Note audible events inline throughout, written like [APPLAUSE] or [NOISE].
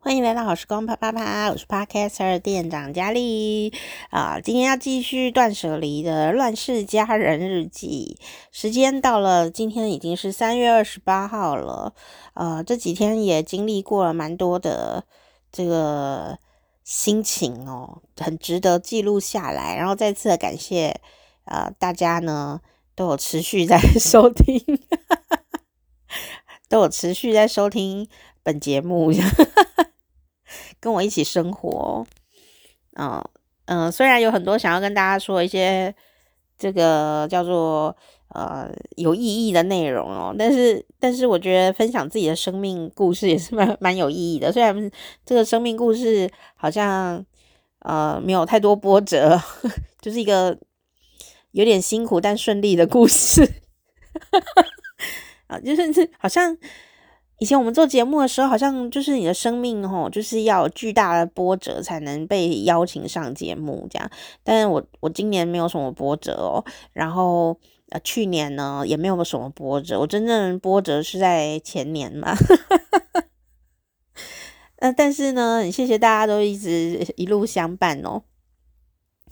歡迎來到好時光，啪啪啪！我是 Podcaster 店長佳麗啊，今天要繼續斷捨離的《亂室佳人日記》。時間到了，今天已經是三月二十八號了。呃、啊，這幾天也經歷過了蠻多的這個心情哦，很值得記錄下來。然後再次的感謝，啊，大家呢都有持續在收聽，哈哈哈哈都有持續在收聽。本節目呵呵跟我一起生活，哦、嗯，嗯，雖然有很多想要跟大家說一些這個叫做呃有意義的內容哦、喔，但是但是我覺得分享自己的生命故事也是蠻蠻有意義的。雖然這個生命故事好像呃沒有太多波折，就是一個有點辛苦但順利的故事，啊，就是好像。以前我們做節目的時候，好像就是你的生命哦，就是要巨大的波折才能被邀請上節目這樣。但是我我今年沒有什麼波折哦，然後呃去年呢也沒有什麼波折，我真正波折是在前年嘛。那， [LAUGHS] 呃，但是呢，謝謝大家都一直一路相伴哦。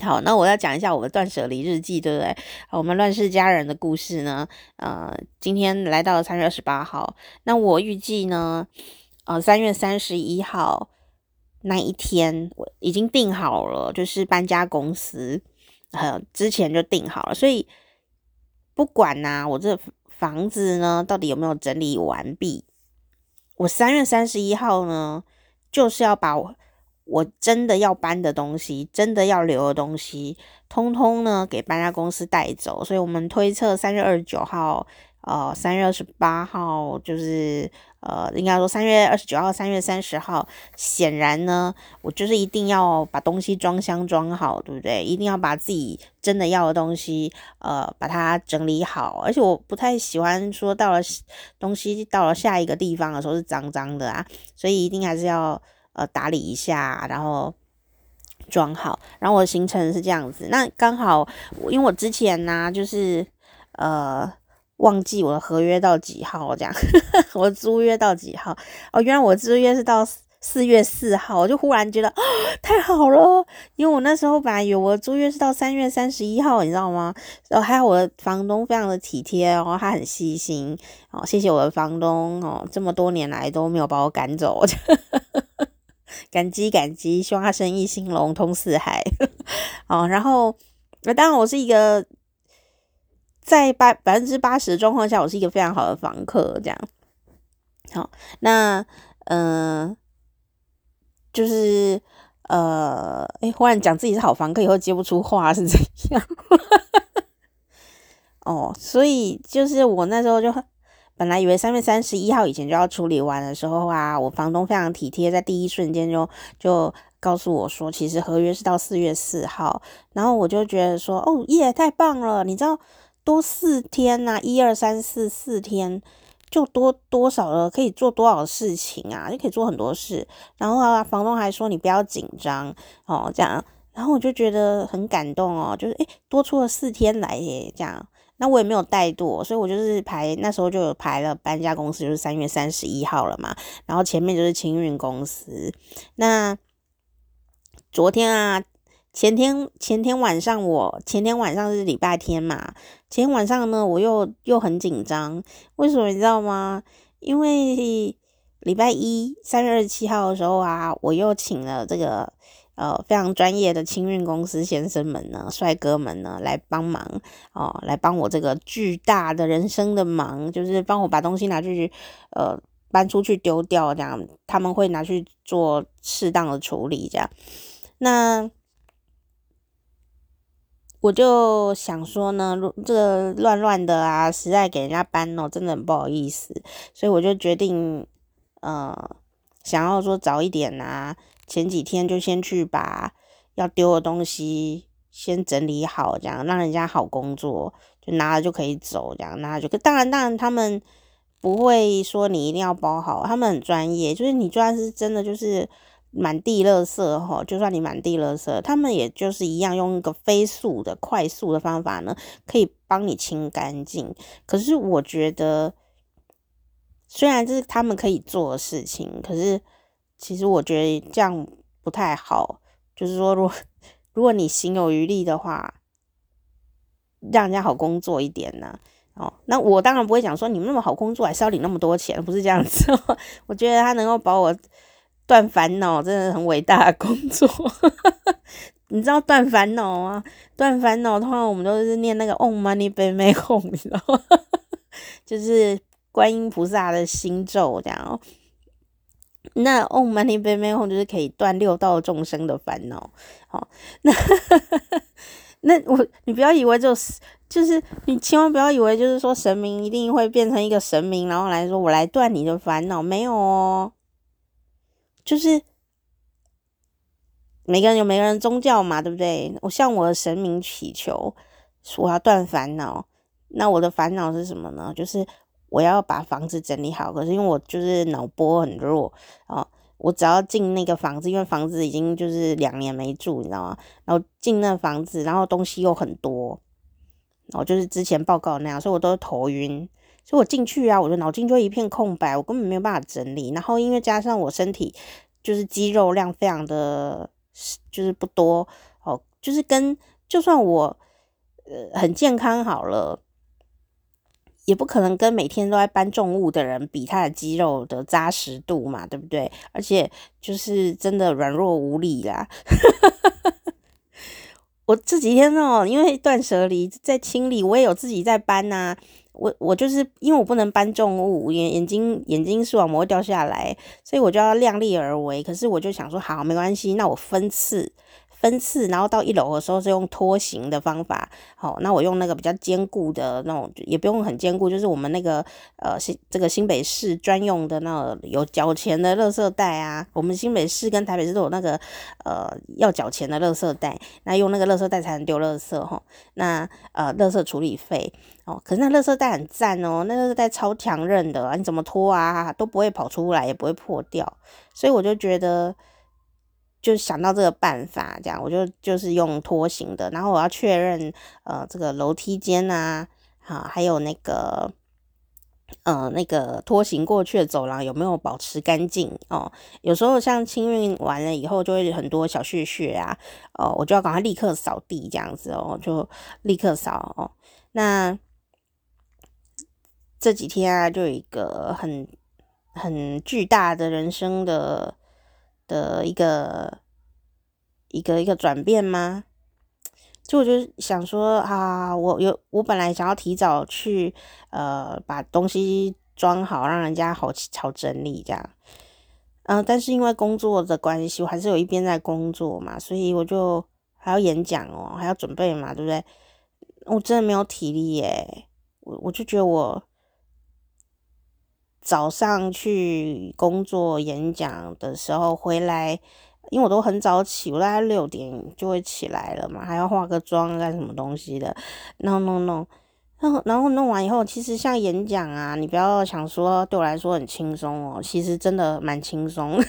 好，那我要講一下我的斷捨離日記，對不對？我們亂室佳人的故事呢，呃，今天來到了三月二十八號，那我預計呢，呃，三月三十一號那一天我已經訂好了，就是搬家公司，呃，之前就訂好了，所以不管吶、啊，我這房子呢到底有沒有整理完畢，我三月三十一號呢，就是要把我。我真的要搬的東西，真的要留的東西，通通呢給搬家公司帶走。所以，我們推測三月二十九號，呃，三月二十八號，就是呃，應該說三月二十九號、三月三十號，顯然呢，我就是一定要把東西裝箱裝好，對不對？一定要把自己真的要的東西，呃，把它整理好。而且，我不太喜歡說到了東西到了下一個地方的時候是髒髒的啊，所以一定還是要。呃，打理一下，然後裝好。然後我的行程是這樣子，那剛好，因為我之前呢、啊，就是呃，忘記我的合約到幾號這樣， [LAUGHS] 我租約到幾號？哦，原來我的租約是到四月四號，我就忽然覺得哦太好了，因為我那時候本來以為我的租約是到三月三十一號，你知道嗎？然、哦、後還好我的房東非常的體貼哦，他很細心哦，謝謝我的房東哦，這麼多年來都沒有把我趕走。 [LAUGHS] 感激感激，希望他生意興隆通四海哦。 [LAUGHS] 然後，那當然我是一個在百百分之八十的狀況下，我是一個非常好的房客。這樣好，那嗯、呃，就是呃，誒，忽然講自己是好房客以後接不出話是怎樣？ [LAUGHS] 哦，所以就是我那時候就。本來以為三月三十一號以前就要處理完的時候啊，我房東非常體貼，在第一瞬間就就告訴我說，其實合約是到四月四號，然後我就覺得說，哦耶，太棒了！你知道多四天吶，一二三四四天，就多多少了，可以做多少事情啊，就可以做很多事。然後啊，房東還說你不要緊張哦，這樣，然後我就覺得很感動哦，就是，誒，多出了四天來耶，這樣。那我也沒有怠惰，所以我就是排那時候就有排了搬家公司，就是三月三十一號了嘛。然後前面就是清運公司。那昨天啊，前天前天晚上我，我前天晚上是禮拜天嘛，前天晚上呢，我又又很緊張。為什麼你知道嗎？因為禮拜一三月二十七號的時候啊，我又請了這個。呃，非常專業的清運公司先生們呢，帥哥們呢，來幫忙哦、呃，來幫我這個巨大的人生的忙，就是幫我把東西拿去，呃，搬出去丟掉這樣，他們會拿去做適當的處理這樣。那我就想說呢，這個亂亂的啊，實在給人家搬哦、喔，真的很不好意思，所以我就決定，呃，想要說早一點啊。前幾天就先去把要丟的東西先整理好，這樣讓人家好工作，就拿了就可以走。這樣拿就可，當然，當然他們不會說你一定要包好，他們很專業。就是你就算是真的，就是滿地垃圾吼，就算你滿地垃圾，他們也就是一樣用一個飛速的、快速的方法呢，可以幫你清乾淨。可是我覺得，雖然這是他們可以做的事情，可是。其實我覺得這樣不太好，就是說，如果如果你行有餘力的話，讓人家好工作一點呢、啊。哦，那我當然不會講說你們那麼好工作還是要領那麼多錢，不是這樣子、哦。 [LAUGHS] 我覺得他能夠把我斷煩惱，真的很偉大的工作。 [LAUGHS] 你知道斷煩惱啊？斷煩惱的話，通常我們都是念那個 “Om Mani Padme Hum”，你知道嗎？ [NOISE] 就是觀音菩薩的心咒這樣。那唵嘛呢叭咪吽，就是可以斷六道眾生的煩惱，哦，那 [LAUGHS] 那我你不要以為就是就是你千萬不要以為就是說神明一定會變成一個神明，然後來說我來斷你的煩惱，沒有哦，就是每個人有每個人宗教嘛，對不對？我向我的神明祈求，我要斷煩惱，那我的煩惱是什麼呢？就是。我要把房子整理好，可是因為我就是腦波很弱哦，我只要進那個房子，因為房子已經就是兩年沒住，你知道嗎？然後進那個房子，然後東西又很多，然後就是之前報告那樣，所以我都頭暈，所以我進去啊，我的腦筋就一片空白，我根本沒有辦法整理。然後因為加上我身體就是肌肉量非常的就是不多哦，就是跟就算我呃很健康好了。也不可能跟每天都在搬重物的人比他的肌肉的紮實度嘛，對不對？而且就是真的軟弱無力啦。 [LAUGHS] 我這幾天哦，因為斷捨離在清理，我也有自己在搬吶、啊。我我就是因為我不能搬重物，眼眼睛眼睛視網膜掉下來，所以我就要量力而為。可是我就想說，好，沒關係，那我分次。分次，然後到一樓的時候是用拖行的方法。好、哦，那我用那個比較堅固的那種，也不用很堅固，就是我們那個呃，新這個新北市專用的那種有繳錢的垃圾袋啊。我們新北市跟台北市都有那個呃要繳錢的垃圾袋，那用那個垃圾袋才能丟垃圾哈、哦。那呃垃圾處理費哦，可是那垃圾袋很讚哦，那垃圾袋超強韌的啊，你怎麼拖啊都不會跑出來，也不會破掉，所以我就覺得。就想到這個辦法，這樣我就就是用拖行的。然後我要確認，呃，這個樓梯間啊，啊，還有那個，呃，那個拖行過去的走廊有沒有保持乾淨哦？有時候像清運完了以後，就會很多小屑屑啊，哦，我就要趕快立刻掃地這樣子哦，就立刻掃哦。那這幾天啊，就有一個很很巨大的人生的，的一個一個一個轉變嗎？就我就想說啊，我有我本來想要提早去呃，把東西裝好，讓人家好好整理這樣，嗯，但是因為工作的關係，我還是有一邊在工作嘛，所以我就還要演講哦，還要準備嘛，對不對？我真的沒有體力耶，我我就覺得我。早上去工作演講的時候回來，因為我都很早起，我大概六點就會起來了嘛，還要化個妝幹什麼東西的，弄弄弄，然後然後弄完以後，其實像演講啊，你不要想說對我來說很輕鬆哦，其實真的蠻輕鬆，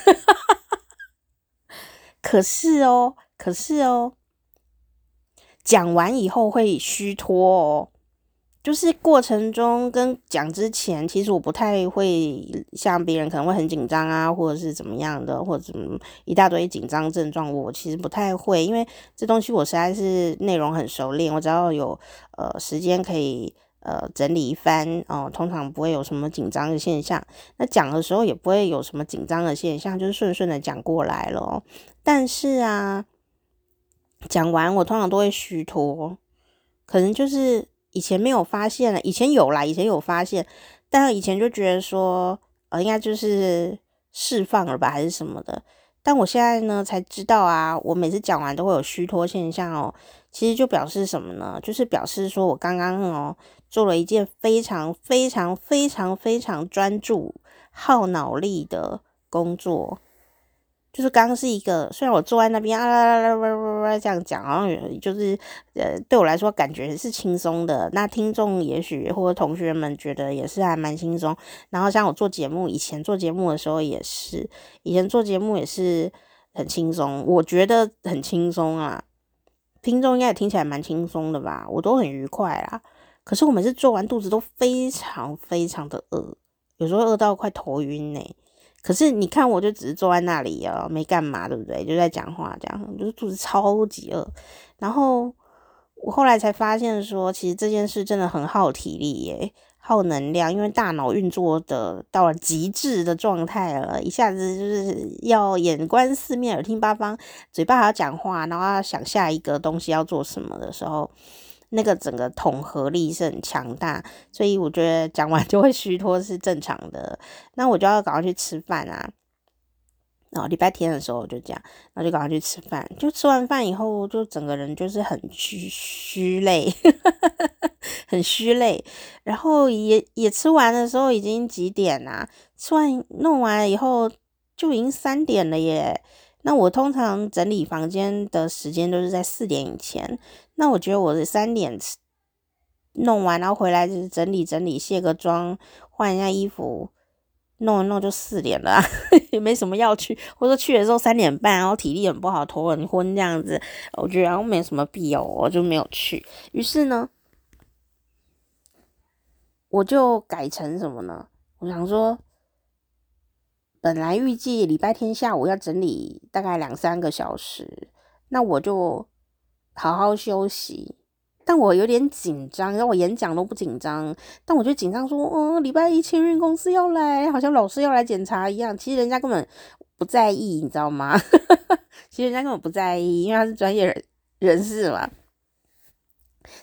[LAUGHS] 可是哦，可是哦，講完以後會虛脫哦。就是過程中跟講之前，其實我不太會像別人可能會很緊張啊，或者是怎麼樣的，或者是一大堆緊張症狀，我其實不太會，因為這東西我實在是內容很熟練，我只要有呃時間可以呃整理一番哦，呃，通常不會有什麼緊張的現象。那講的時候也不會有什麼緊張的現象，就是順順的講過來了。但是啊，講完我通常都會虛脫，可能就是。以前沒有發現了，以前有啦，以前有發現，但以前就覺得說，呃，應該就是釋放了吧，還是什麼的。但我現在呢，才知道啊，我每次講完都會有虛脫現象哦，其實就表示什麼呢？就是表示說我剛剛哦，做了一件非常非常非常非常專注、耗腦力的工作。就是剛剛是一個，雖然我坐在那邊啊啦啦啦啦啦啦這樣講，好像也就是呃，對我來說感覺是輕鬆的。那聽眾也許或者同學們覺得也是還蠻輕鬆。然後像我做節目，以前做節目的時候也是，以前做節目也是很輕鬆，我覺得很輕鬆啊。聽眾應該也聽起來蠻輕鬆的吧？我都很愉快啦。可是我每次做完，肚子都非常非常的餓，有時候餓到快頭暈呢、欸。可是你看，我就只是坐在那裡哦，沒幹嘛，對不對？就在講話，這樣就是肚子超級餓。然後我後來才發現說，其實這件事真的很耗體力耶，耗能量，因為大腦運作的到了極致的狀態了，一下子就是要眼觀四面，耳聽八方，嘴巴還要講話，然後要想下一個東西要做什麼的時候。那個整個統合力是很強大，所以我覺得講完就會虛脫是正常的。那我就要趕快去吃飯啊！然後、哦、禮拜天的時候我就這樣，然後就趕快去吃飯。就吃完飯以後，就整個人就是很虛、虛累， [LAUGHS] 很虛累。然後也也吃完的時候已經幾點啦、啊？吃完弄完以後就已經三點了耶。那我通常整理房間的時間都是在四點以前。那我覺得我三點弄完，然後回來就是整理整理、卸個妝、換一下衣服、弄一弄就四點了、啊呵呵，也沒什麼要去，或者去的時候三點半，然後體力很不好、頭很昏這樣子，我覺得我沒什麼必要，我就沒有去。於是呢，我就改成什麼呢？我想說，本來預計禮拜天下午要整理大概兩三個小時，那我就。好好休息，但我有點緊張。因為我演講都不緊張，但我就緊張，說，哦、嗯，禮拜一清運公司要來，好像老師要來檢查一樣。其實人家根本不在意，你知道嗎？ [LAUGHS] 其實人家根本不在意，因為他是專業人人士嘛。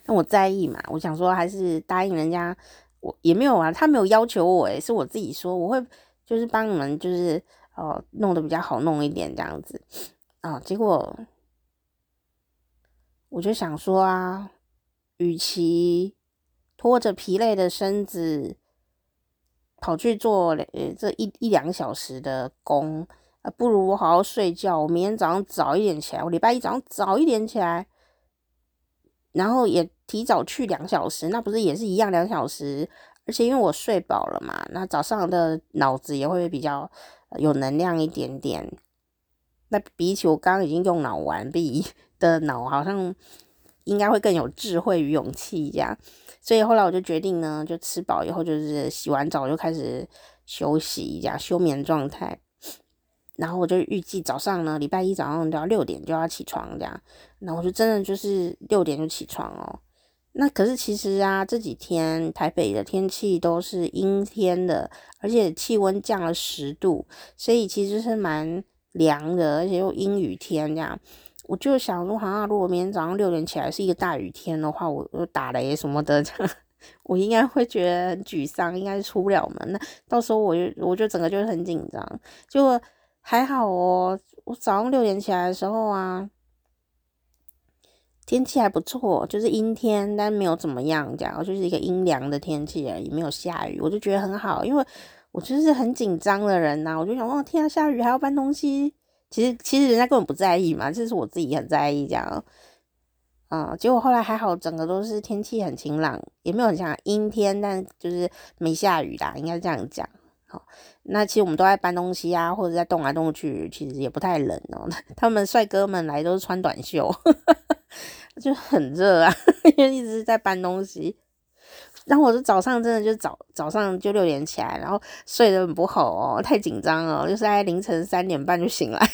那我在意嘛？我想說，還是答應人家。我也沒有啊，他沒有要求我、欸，誒是我自己說，我會就是幫你們，就是哦、呃，弄得比較好弄一點這樣子啊、呃。結果。我就想說啊，與其拖着疲累的身子跑去做這一一兩小時的工，不如我好好睡覺。我明天早上早一點起來，我禮拜一早上早一點起來，然後也提早去兩小時，那不是也是一樣兩小時？而且因為我睡飽了嘛，那早上的腦子也會比較有能量一點點。那比起我剛剛已經用腦完畢。的腦好像應該會更有智慧與勇氣這樣，所以後來我就決定呢，就吃飽以後就是洗完澡就開始休息，這樣休眠狀態。然後我就預計早上呢，禮拜一早上都要六點就要起床這樣。然後我就真的就是六點就起床哦。那可是其實啊，這幾天台北的天氣都是陰天的，而且氣溫降了十度，所以其實是蠻涼的，而且又陰雨天這樣。我就想說，好像如果明天早上六點起來是一個大雨天的話，我我打雷什麼的，呵呵我應該會覺得很沮喪，應該是出不了門，那到時候我就我就整個就是很緊張。結果還好哦、喔，我早上六點起來的時候啊，天氣還不錯，就是陰天，但沒有怎麼樣，這樣就是一個陰涼的天氣，也沒有下雨，我就覺得很好，因為我就是很緊張的人吶、啊。我就想，哇，天啊，下雨還要搬東西。其實其實人家根本不在意嘛，就是我自己很在意這樣、喔，啊、嗯，結果後來還好，整個都是天氣很晴朗，也沒有很像陰天，但就是沒下雨啦，應該是這樣講。好、喔，那其實我們都在搬東西啊，或者在動來、啊、動去，其實也不太冷哦、喔。他們帥哥們來都是穿短袖，呵呵就很熱啊，因為一直在搬東西。然後我就早上真的就早早上就六點起來，然後睡得很不好哦，太緊張了，就是在凌晨三點半就醒來，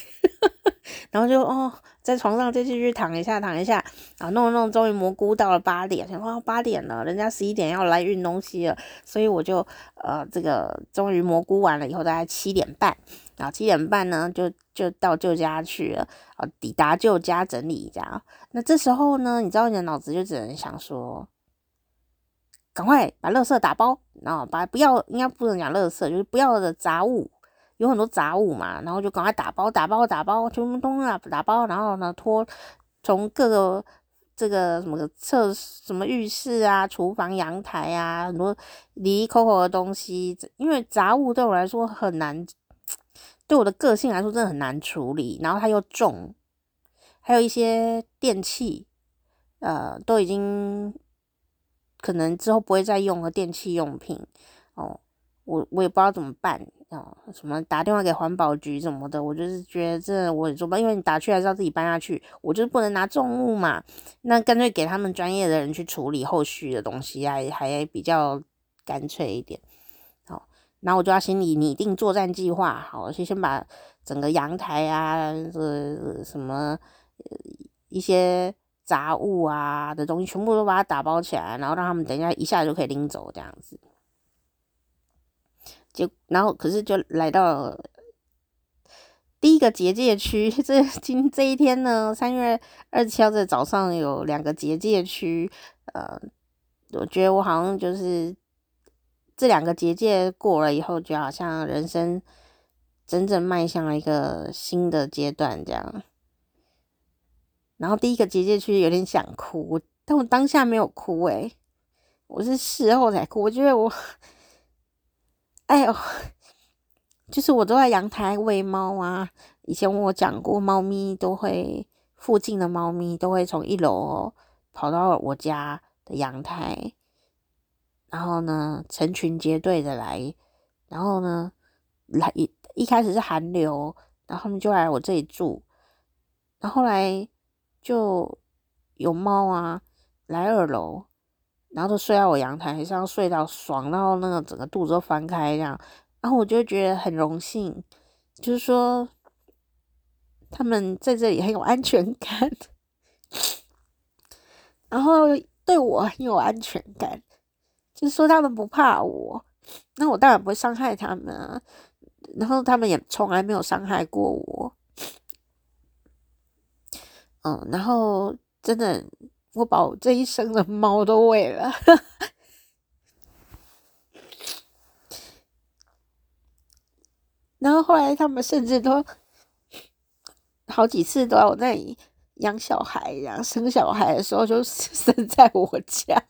[LAUGHS] 然後就哦在床上再繼續躺一下躺一下啊，然後弄弄終於蘑菇到了八點，然後八點了，人家十一點要來運東西了，所以我就呃這個終於蘑菇完了以後大概七點半，然後七點半呢就就到舅家去了啊，抵達舅家整理一下，那這時候呢，你知道你的腦子就只能想說。趕快把垃圾打包，然後把不要，應該不能講垃圾，就是不要的雜物，有很多雜物嘛，然後就趕快打包，打包，打包，全部咚啊，打包，然後呢拖從各個這個什麼廁什麼浴室啊、廚房、陽台啊，很多離口口的東西，因為雜物對我來說很難，對我的個性來說真的很難處理，然後它又重，還有一些電器，呃，都已經。可能之後不會再用了電器用品，哦，我我也不知道怎麼辦哦，什麼打電話給環保局什麼的，我就是覺得這我怎麼因為你打去還是要自己搬下去，我就是不能拿重物嘛，那乾脆給他們專業的人去處理後續的東西啊，還，還比較乾脆一點。好、哦，那我就要心裡擬定作戰計劃，好，去先把整個陽台啊，是、呃、什麼、呃、一些。雜物啊的東西全部都把它打包起來，然後讓他們等一下一下就可以拎走這樣子。就，然後可是就來到第一個結界區。這今這一天呢，三月二十七號的早上有兩個結界區。呃，我覺得我好像就是這兩個結界過了以後，就好像人生真正邁向了一個新的階段這樣。然後第一個結界區有點想哭，但我當下沒有哭誒、欸，我是事後才哭。我覺得我，哎呦，就是我都在陽台餵貓啊。以前我講過，貓咪都會附近的貓咪都會從一樓跑到我家的陽台，然後呢成群結隊的來，然後呢來一一開始是寒流，然後他們就來我這裡住，然後來。就有貓啊，來二樓，然後就睡在我陽台上，睡到爽，然後那個整個肚子都翻開這樣，然後我就覺得很榮幸，就是說他們在這裡很有安全感， [LAUGHS] 然後對我很有安全感，就是說他們不怕我，那我當然不會傷害他們啊，然後他們也從來沒有傷害過我。嗯，然後真的，我把我這一生的貓都餵了， [LAUGHS] 然後後來他們甚至都好幾次都我在我那裡養小孩，養生小孩的時候就生在我家，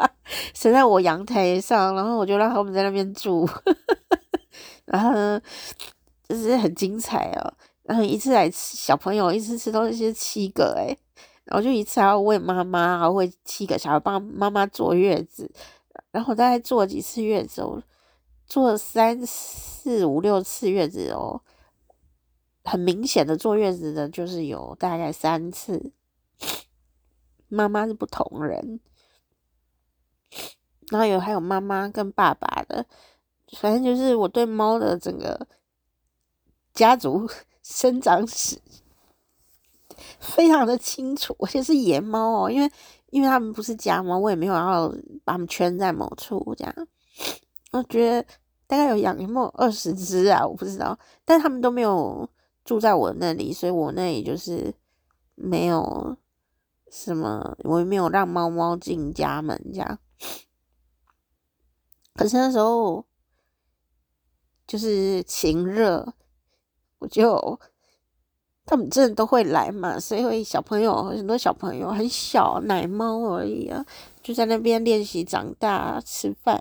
生在我陽台上，然後我就讓他們在那邊住， [LAUGHS] 然後呢就是很精彩哦。然後一次來小朋友一次吃到那些七個誒，然後就一次還要餵媽媽，還要餵七個小孩，幫媽媽坐月子，然後我大概坐了幾次月子哦，坐了三四五六次月子哦，很明顯的坐月子的就是有大概三次，媽媽是不同人，然後有還有媽媽跟爸爸的，反正就是我對貓的整個家族。生長史非常的清楚，而且是野貓哦、喔，因為因為他們不是家貓，我也沒有要把他們圈在某處這樣。我覺得大概有養有沒有二十隻啊，我不知道，但是他們都沒有住在我那裡，所以我那裡就是沒有什麼，我也沒有讓貓貓進家門這樣。可是那時候就是晴熱。我就他們真的都會來嘛，所以會小朋友很多小朋友，很小奶貓而已啊，就在那邊練習長大吃飯，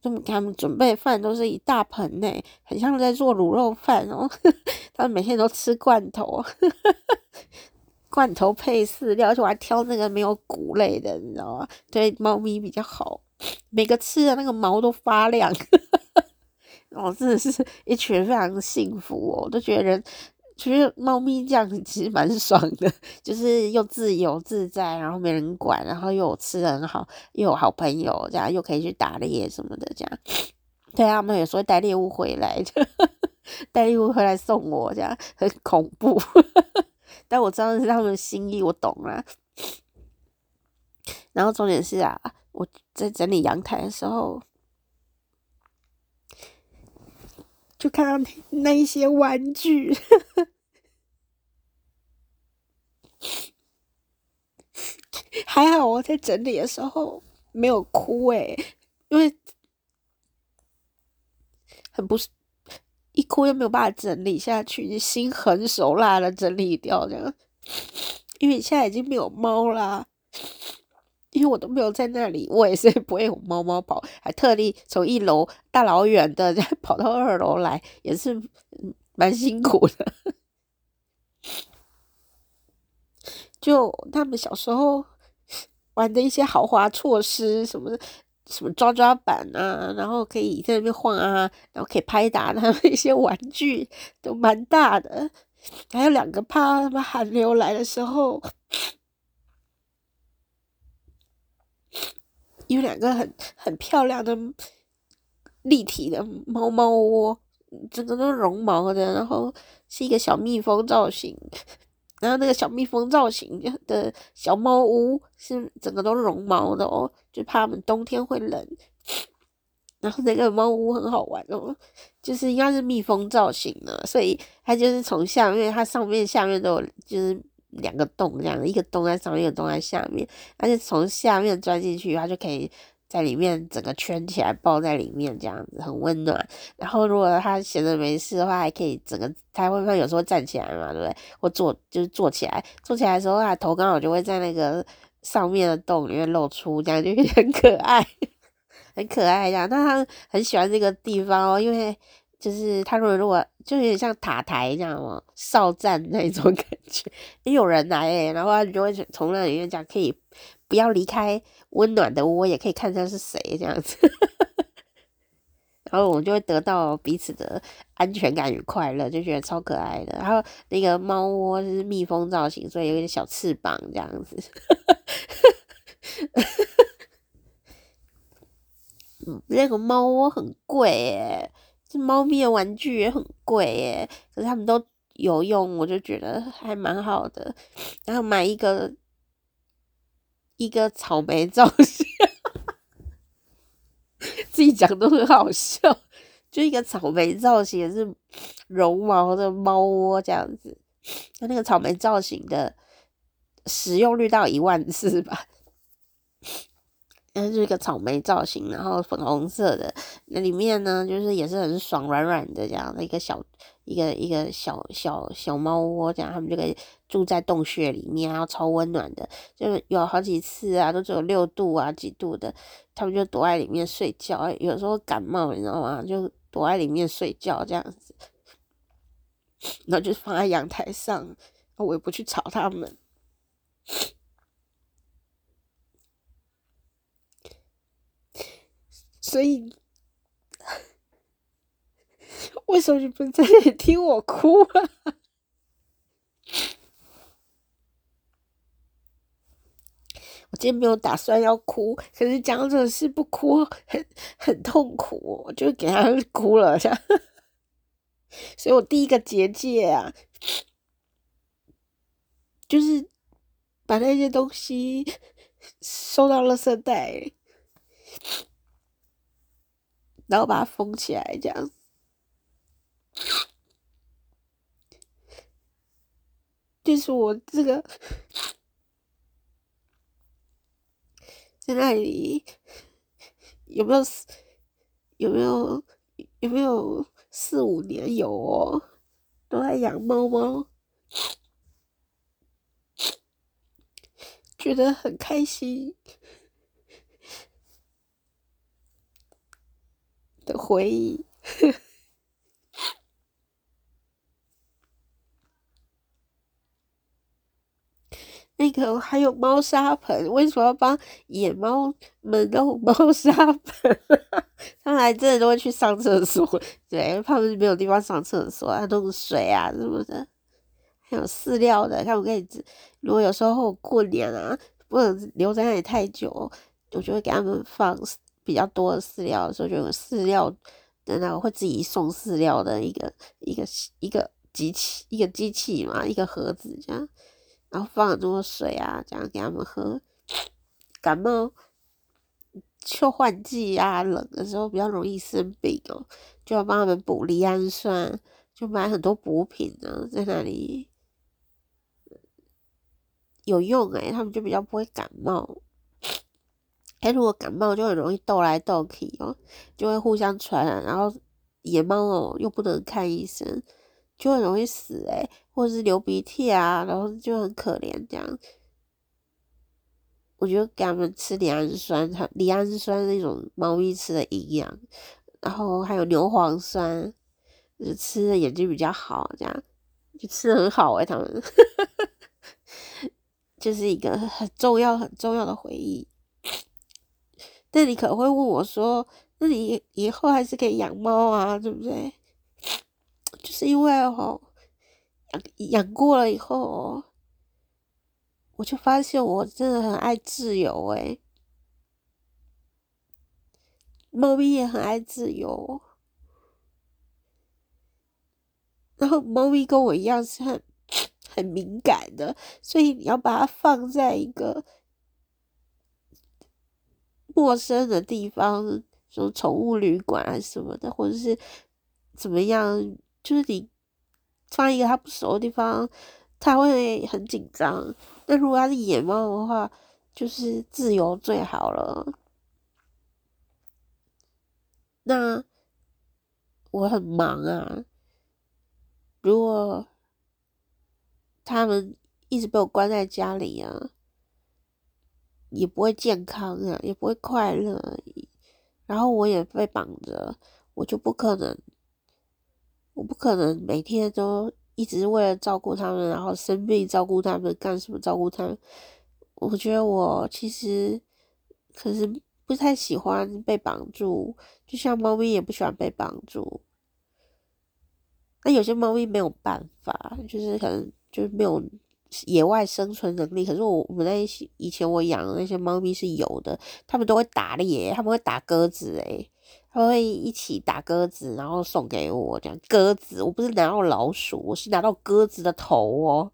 就給他們準備飯，都是一大盆呢，很像在做滷肉飯哦、喔。他們每天都吃罐頭，呵呵，罐頭配飼料，而且我還挑那個沒有穀類的，你知道嗎？對貓咪比較好，每個吃的那個毛都發亮。呵呵哦，真的是一群非常幸福哦，我都覺得人其實貓咪這樣子其實蠻爽的，就是又自由自在，然後沒人管，然後又有吃的很好，又有好朋友，這樣又可以去打獵什麼的，這樣。對啊，他們有時候帶獵物回來的，帶獵物回來送我，這樣很恐怖。但我知道的是他們心意，我懂啦。然後重點是啊，我在整理陽台的時候。就看到那，那一些玩具呵呵，還好我在整理的時候沒有哭誒、欸，因為很不是一哭就沒有辦法整理下去，你心狠手辣的整理掉這樣，因為你現在已經沒有貓啦。因為我都沒有在那裡，我也是不會貓貓跑，還特地從一樓大老遠的跑到二樓來，也是蠻辛苦的。就他們小時候玩的一些豪華措施，什麼什麼抓抓板啊，然後可以在那邊晃啊，然後可以拍打他們一些玩具，都蠻大的。還有兩個怕他們寒流來的時候，有兩個很很漂亮的立體的貓貓窩，整個都是絨毛的，然後是一個小蜜蜂造型，然後那個小蜜蜂造型的小貓屋是整個都是絨毛的哦，就怕它們冬天會冷。然後那個貓屋很好玩哦，就是應該是蜜蜂造型的，所以它就是從下面，它上面下面都就是。兩個洞這樣，一個洞在上面，一個洞在下面。而且從下面鑽進去，它就可以在裡面整個圈起來，抱在裡面這樣子，很溫暖。然後如果它閒着沒事的話，還可以整個它會不會有時候站起來嘛，對不對？或坐就是坐起來，坐起來的時候啊，它頭剛好就會在那個上面的洞裡面露出，這樣就很可愛，很可愛這樣。那它很喜歡這個地方哦，因為。就是他如果如果就有點像塔台這樣種、喔、哨站那種感覺，有人來、欸，然後他就會從那裡面講，可以不要離開溫暖的窩，也可以看下是誰這樣子。 [LAUGHS] 然後我們就會得到彼此的安全感與快樂，就覺得超可愛的。然後那個貓窩是蜜蜂造型，所以有點小翅膀這樣子。 [LAUGHS] 那個貓窩很貴耶、欸。這貓咪的玩具也很貴耶，可是它們都有用，我就覺得還蠻好的。然後買一個一個草莓造型， [LAUGHS] 自己講的都很好笑，就一個草莓造型也是絨毛的貓窩這樣子。它那個草莓造型的使用率到一萬次吧。就是一個草莓造型，然後粉紅色的。那裡面呢，就是也是很爽軟軟的這樣的一個小一個一個小小小貓窩，這樣他們就可以住在洞穴裡面，然後超溫暖的。就是有好幾次啊，都只有六度啊幾度的，他們就躲在裡面睡覺。有時候感冒，你知道嗎？就躲在裡面睡覺這樣子，然後就放在陽台上，我也不去吵他們。所以，為什麼你不在這裡聽我哭啊？我今天沒有打算要哭，可是講者是不哭，很很痛苦，我就給他哭了一下。所以，我第一個結界啊，就是把那些東西收到垃圾袋。然後把它封起來，這樣。就是我這個在那裡有沒有有沒有有沒有四五年有哦？都在養貓貓，覺得很開心。的回憶， [LAUGHS] 那個還有貓砂盆，為什麼要幫野貓們弄貓砂盆？它 [LAUGHS] 還真的都會去上廁所，對，因為它們沒有地方上廁所，它都是水啊什麼的，還有飼料的，它們可以吃。如果有時候過年啊，不能留在那裡太久，我就會給他們放。比較多飼料的時候，就有飼料，等等，我會自己送飼料的一個一個一個機器，一個機器嘛，一個盒子這樣，然後放很多水啊，這樣給他們喝。感冒，就換季啊，冷的時候比較容易生病哦，就要幫他們補賴氨酸，就買很多補品啊，在那裡有用欸，他們就比較不會感冒。誒、欸，如果感冒就很容易鬥來鬥去哦、喔，就會互相傳染。然後野貓哦、喔、又不能看醫生，就很容易死誒、欸，或者是流鼻涕啊，然後就很可憐這樣。我覺得給他們吃賴氨酸，賴氨酸那種貓咪吃的營養，然後還有牛磺酸，就吃的眼睛比較好，這樣就吃得很好誒、欸，他們 [LAUGHS] 就是一個很重要很重要的回憶。那你可能會問我說：“那你以後還是可以養貓啊，對不對？”就是因為哦，養養過了以後哦，我就發現我真的很愛自由誒。貓咪也很愛自由，然後貓咪跟我一樣是很很敏感的，所以你要把它放在一個。陌生的地方，說寵物旅館還是什麼的，或者是怎麼樣，就是你放一個它不熟的地方，它會很緊張。但如果他是野貓的話，就是自由最好了。那我很忙啊，如果他們一直被我關在家裡啊，也不會健康啊，也不會快樂。然後我也被綁着，我就不可能，我不可能每天都一直為了照顧他們，然後生病照顧他們，幹什麼照顧他們？我覺得我其實，可是不太喜歡被綁住，就像貓咪也不喜歡被綁住。那有些貓咪沒有辦法，就是可能就是沒有野外生存能力，可是我我們那些以前我養的那些貓咪是有的，它們都會打獵，它們會打鴿子誒，它們會一起打鴿子，然後送給我這樣鴿子，我不是拿到老鼠，我是拿到鴿子的頭哦、喔，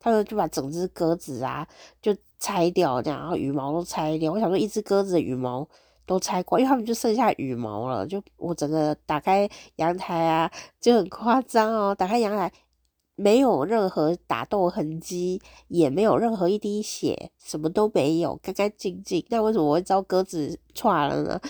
他們就把整隻鴿子啊就拆掉然後羽毛都拆掉，我想說一隻鴿子的羽毛都拆光，因為它們就剩下羽毛了，就我整個打開陽台啊就很誇張哦，打開陽台。沒有任何打鬥痕迹，也沒有任何一滴血，什麼都沒有，乾乾淨淨。那為什麼我會遭鴿子踹了呢？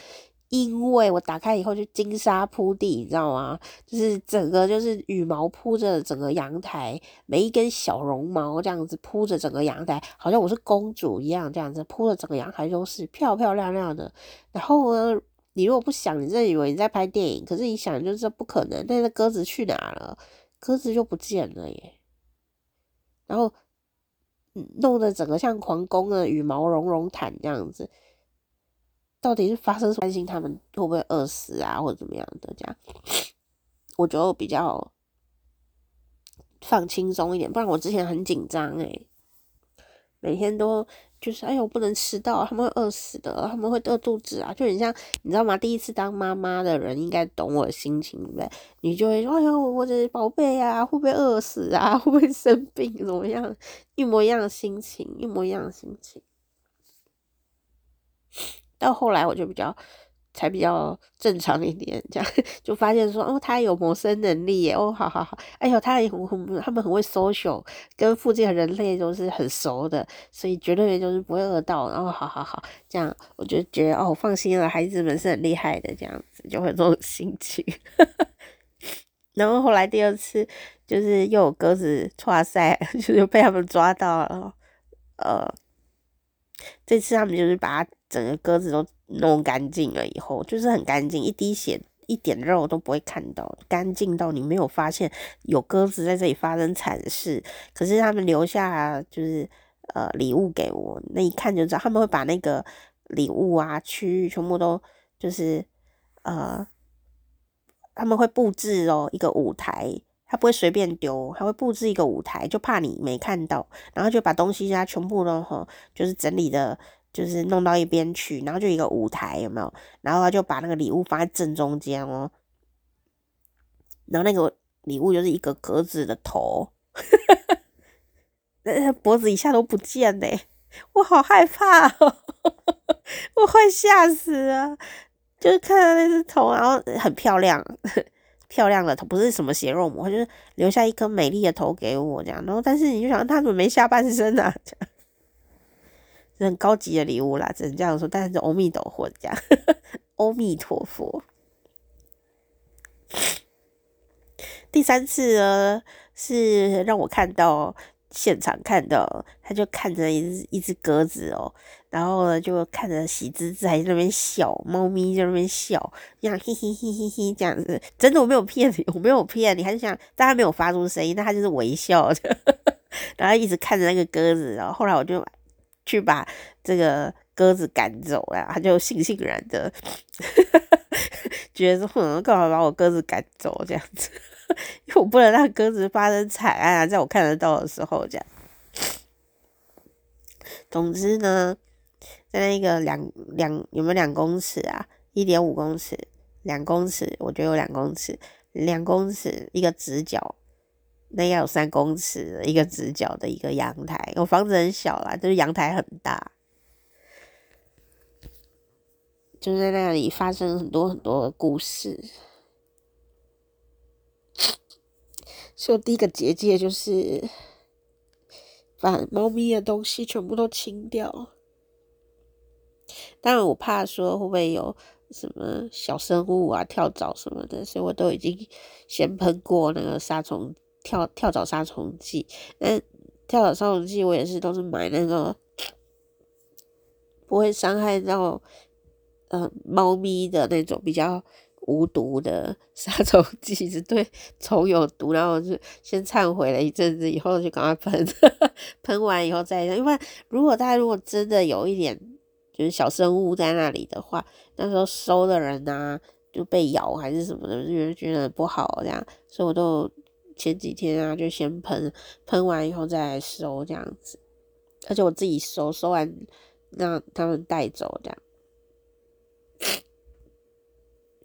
因為我打開以後就金沙鋪地，你知道嗎？就是整個就是羽毛鋪着整個陽台，每一根小絨毛這樣子鋪着整個陽台，好像我是公主一樣，這樣子鋪着整個陽台都是漂漂亮亮的。然後呢，你如果不想，你真以為你在拍電影，可是你想就是不可能。但是鴿子去哪了？鴿子就不見了耶，然後弄得整個像皇宮的羽毛絨絨毯這樣子，到底是發生什麼？擔心他們會不會餓死啊，或者怎麼樣的這樣，我覺得我比較放輕鬆一點，不然我之前很緊張誒，每天都。就是哎呀，我不能遲到，他們會餓死的，他們會餓肚子啊，就很像你知道嗎？第一次當媽媽的人應該懂我的心情唄，你就會說：‘哎呀，我的寶貝呀、啊，會不會餓死啊？會不會生病？怎麼樣？一模一樣的心情，一模一樣的心情。到後來我就比較。才比較正常一點，這樣就發現說哦，他有謀生能力耶！哦，好好好，哎呦，他也很，很他們很會 social，跟附近的人類都是很熟的，所以絕對就是不會餓到。然後，好好好，這樣我就覺得哦，放心了，孩子們是很厲害的，這樣子就會有這種心情。 [LAUGHS] 然後後來第二次就是又有鴿子抓賽，就是被他們抓到了。然後呃，這次他們就是把整個鴿子都。弄乾淨了以後，就是很乾淨，一滴血、一點肉都不會看到，乾淨到你沒有發現有鴿子在這裡發生慘事。可是他們留下就是呃禮物給我，那一看就知道他們會把那個禮物啊、區域全部都就是呃，他們會布置哦，一個舞台，他不會隨便丟，他會布置一個舞台，就怕你沒看到，然後就把東西啊，全部都就是整理的。就是弄到一邊去，然後就一個舞台有沒有？然後他就把那個禮物放在正中間哦、喔。然後那個禮物就是一個格子的頭，那 [LAUGHS] 脖子以下都不見嘞、欸，我好害怕、喔， [LAUGHS] 我會嚇死啊！就是看到那只頭，然後很漂亮， [LAUGHS] 漂亮的頭不是什麼邪肉魔，就是留下一顆美麗的頭給我這樣。然後但是你就想，他怎麼沒下半身啊？很高級的禮物啦，只能這樣說。但是，阿彌陀佛這樣，阿 [LAUGHS] 彌陀佛。 [LAUGHS] 第三次呢，是讓我看到現場看到，他就看着一只一隻鴿子哦、喔，然後呢就看着喜滋滋，還在那邊笑，貓咪在那邊笑，這樣嘿嘿嘿嘿嘿這樣子。真的我沒有騙你，我沒有騙你，還是想，但他沒有發出聲音，那他就是微笑的， [LAUGHS] 然後一直看着那個鴿子。然後後來我就去把這個鴿子趕走呀、啊！他就悻悻然的， [LAUGHS] 覺得說，哼，幹嘛把我鴿子趕走這樣子？因為我不能讓鴿子發生慘案啊，在我看得到的時候這樣。總之呢，在那一個兩兩有沒有兩公尺啊？一點五公尺，兩公尺，我覺得有兩公尺，兩公尺一個直角。那要有三公尺的一個直角的一個陽台，我房子很小啦，就是陽台很大，就在那裡發生很多很多的故事。所以第一個結界就是把貓咪的東西全部都清掉，當然我怕說會不會有什麼小生物啊、跳蚤什麼的，所以我都已經先噴過那個殺蟲。跳跳蚤殺蟲劑，嗯，跳蚤殺蟲劑我也是都是買那個不會傷害到呃貓咪的那種比較無毒的殺蟲劑，是對蟲有毒，然後就先懺悔了一陣子，以後就趕快噴，噴完以後再，因為如果大家如果真的有一點就是小生物在那裡的話，那時候收的人吶、啊、就被咬還是什麼的，就覺得不好這樣，所以我都。前幾天啊，就先噴，噴完以後再收這樣子，而且我自己收，收完讓他們帶走這樣。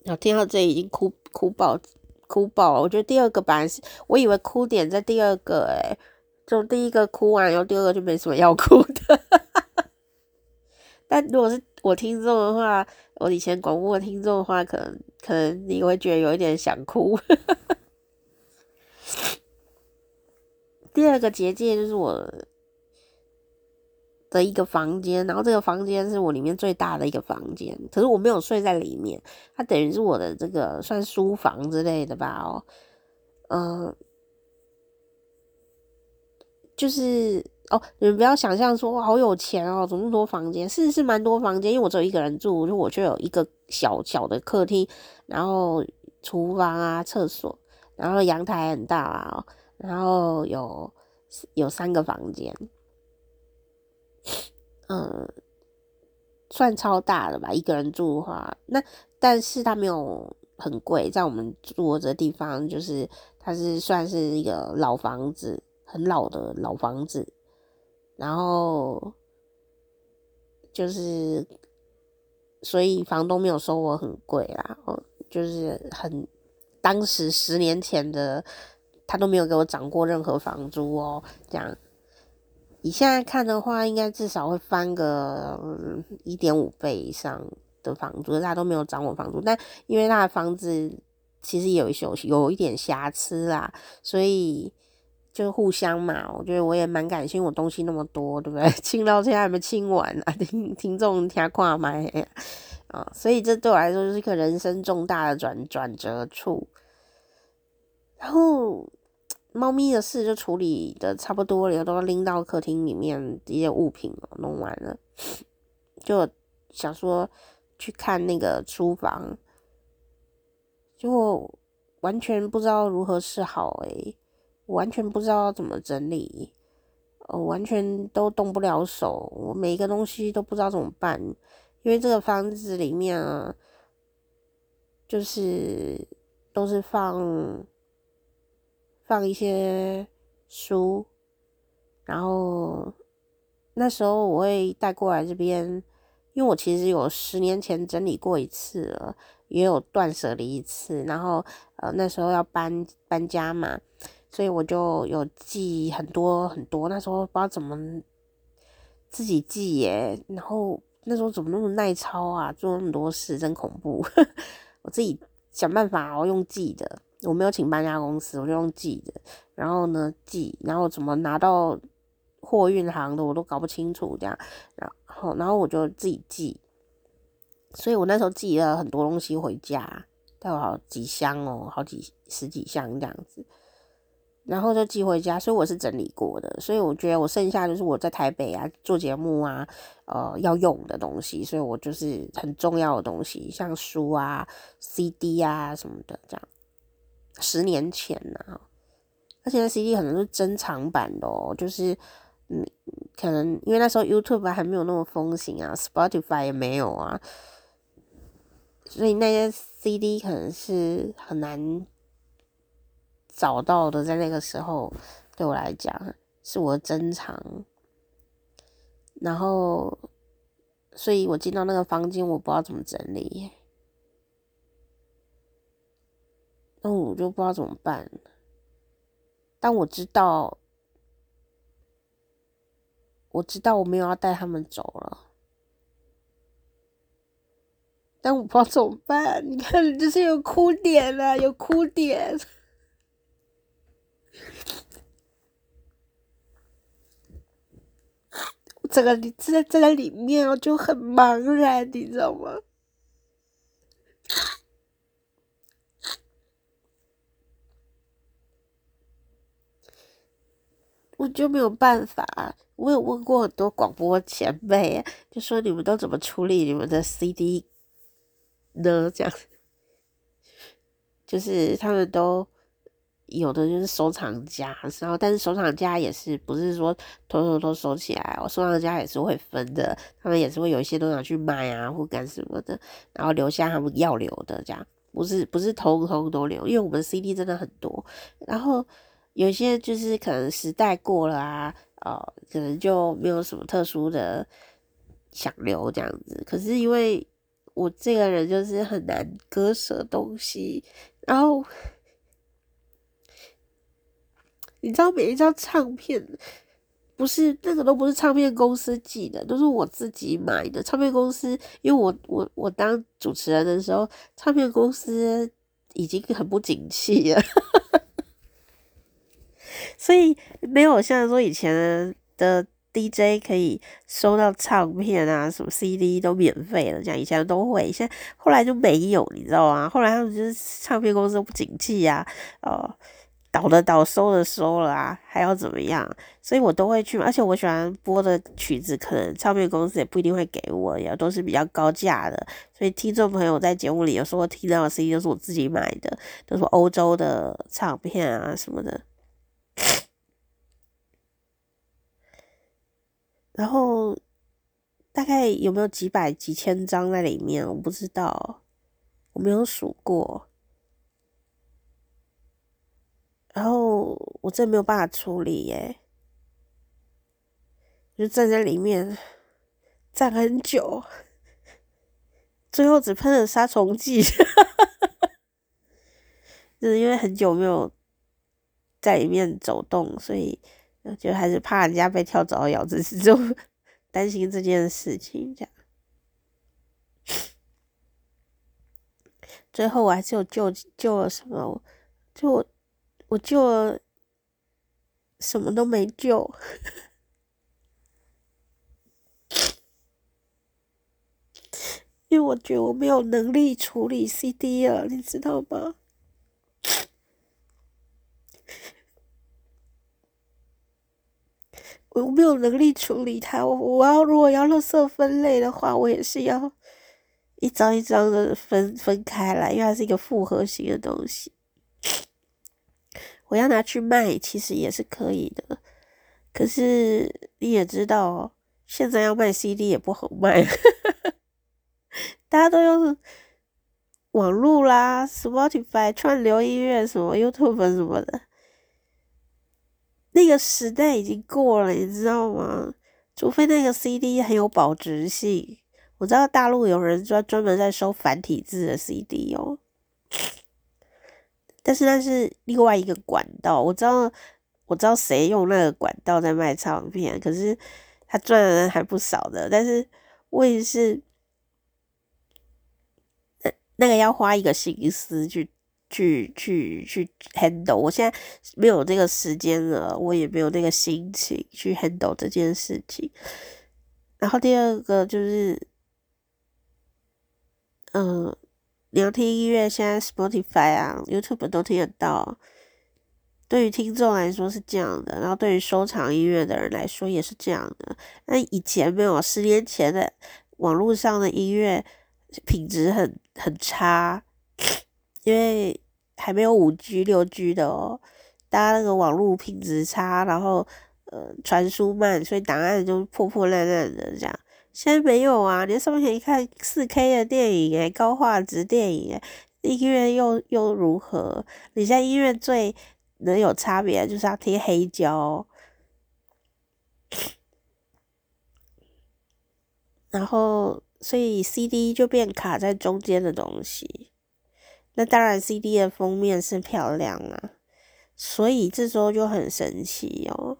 然後聽到這裡已經哭哭爆，哭爆了。我覺得第二個版是，我以為哭點在第二個、欸，誒，就第一個哭完，然後第二個就沒什麼要哭的。 [LAUGHS] 但如果是我聽眾的話，我以前廣播的聽眾的話，可能可能你會覺得有一點想哭。 [LAUGHS] 第二個結界就是我的一個房間，然後這個房間是我裡面最大的一個房間，可是我沒有睡在裡面，它等於是我的這個算書房之類的吧、喔。哦，嗯，就是哦、喔，你們不要想象說好有錢哦、喔，怎麼那麼多房間？是是蠻多房間，因為我只有一個人住，就我就有一個小小的客廳，然後廚房啊、廁所，然後陽台很大啊、喔。然後有有三個房間，嗯，算超大的吧。一個人住的話，那但是他沒有很貴，在我們住的地方，就是它是算是一個老房子，很老的老房子。然後就是，所以房東沒有收我很貴啦，哦，就是很，當時十年前的。他都沒有給我漲過任何房租哦、喔，這樣你現在看的話，應該至少會翻個一點五倍以上的房租，他都沒有漲我房租。但因為他的房子其實有一些有一點瑕疵啦，所以就互相嘛，我覺得我也蠻感謝我東西那麼多，對不對？清到現在還沒清完啊，聽聽眾聽掛麥啊，所以這對我來說就是一個人生重大的轉轉折處，然後。貓咪的事就處理的差不多了，都拎到客廳裡面，一些物品、喔、弄完了， [LAUGHS] 就想說去看那個廚房，結果完全不知道如何是好誒、欸，完全不知道怎麼整理，呃，完全都動不了手，我每一個東西都不知道怎麼辦，因為這個房子裡面啊，就是都是放。放一些書，然後那時候我會帶過來這邊，因為我其實有十年前整理過一次了，也有斷捨離一次，然後呃那時候要搬搬家嘛，所以我就有寄很多很多，那時候不知道怎麼自己寄耶，然後那時候怎麼那麼耐操啊，做那麼多事真恐怖， [LAUGHS] 我自己想辦法用寄的。我沒有請搬家公司，我就用寄的。然後呢，寄，然後怎麼拿到貨運行的，我都搞不清楚。這樣，然後，然後我就自己寄。所以我那時候寄了很多東西回家，帶有好幾箱哦，好幾十幾箱這樣子，然後就寄回家。所以我是整理過的，所以我覺得我剩下就是我在台北啊做節目啊，呃要用的東西，所以我就是很重要的東西，像書啊、CD 啊什麼的這樣。十年前吶、啊，而且那 CD 可能是珍藏版的哦、喔，就是，嗯，可能因為那時候 YouTube 還沒有那麼風行啊，Spotify 也沒有啊，所以那些 CD 可能是很難找到的，在那個時候，對我來講是我的珍藏。然後，所以我進到那個房間，我不知道怎麼整理。那、嗯、我就不知道怎麼辦，但我知道，我知道我沒有要帶他們走了，但我不知道怎麼辦。你看，你就是有哭點啊，有哭點。 [LAUGHS] [LAUGHS] 我整個在在在裡面、喔，我就很茫然，你知道嗎？ [LAUGHS] 我就沒有辦法，我有問過很多廣播前輩，就說你們都怎麼處理你們的 CD 呢？這樣子，就是他們都有的就是收藏家，然後但是收藏家也是不是說統統都收起來，喔，我收藏家也是會分的，他們也是會有一些都想去賣啊或幹什麼的，然後留下他們要留的這樣，不是不是統統都留，因為我們 CD 真的很多，然後。有些就是可能時代過了啊，哦，可能就沒有什麼特殊的想留這樣子。可是因為我這個人就是很難割捨東西，然後你知道每一張唱片，不是那個都不是唱片公司寄的，都是我自己買的。唱片公司因為我我我當主持人的時候，唱片公司已經很不景氣了。呵呵所以沒有像說以前的 DJ 可以收到唱片啊，什麼 CD 都免費的，像以前都會，現在後來就沒有，你知道嗎？後來他們就是唱片公司不景氣啊，哦、呃，倒的倒收的收啦、啊，還要怎麼樣？所以，我都會去嘛，而且我喜歡播的曲子，可能唱片公司也不一定會給我，也都是比較高價的。所以，聽眾朋友在節目裡有時候聽到的 CD 都是我自己買的，都、就是歐洲的唱片啊什麼的。然後大概有沒有幾百幾千張在裡面？我不知道，我沒有數過。然後我真沒有辦法處理耶，就站在裡面站很久，最後只噴了殺蟲劑， [LAUGHS] 就是因為很久沒有在裡面走動，所以。就還是怕人家被跳蚤咬，只是就擔心這件事情，這樣。最後我還是有救救了什麼？就我，我，我救了什麼都沒救，因為我覺得我沒有能力處理 CD 了，你知道嗎？我沒有能力處理它。我要我要如果要垃圾分類的話，我也是要一張一張的分分開來，因為它是一個複合型的東西。我要拿去賣，其實也是可以的。可是你也知道哦，現在要賣 CD 也不好賣， [LAUGHS] 大家都用網絡啦，Spotify、串流音樂什麼，YouTube 什麼的。那個時代已經過了，你知道嗎？除非那個 CD 很有保值性。我知道大陸有人專專門在收繁體字的 CD 哦，但是那是另外一個管道。我知道，我知道誰用那個管道在賣唱片，可是，他賺的人還不少的。但是問題是，那那個要花一個心思去。去去去 handle，我現在沒有這個時間了，我也沒有那個心情去 handle 這件事情。然後第二個就是，嗯，你要聽音樂，現在 Spotify 啊、YouTube 都聽得到。對於聽眾來說是這樣的，然後對於收藏音樂的人來說也是這樣的。那以前沒有，十年前的網絡上的音樂品質很很差。因為還沒有五 G、六 G 的哦，大家那個網絡品質差，然後呃傳輸慢，所以檔案就破破爛爛的這樣。現在沒有啊，你上面可以看四 K 的電影誒、欸，高畫質電影誒、欸，音樂又又如何？你在音樂最能有差別，就是要貼黑膠，然後所以 CD 就變卡在中間的東西。那當然，CD 的封面是漂亮啊，所以這時候就很神奇哦、喔。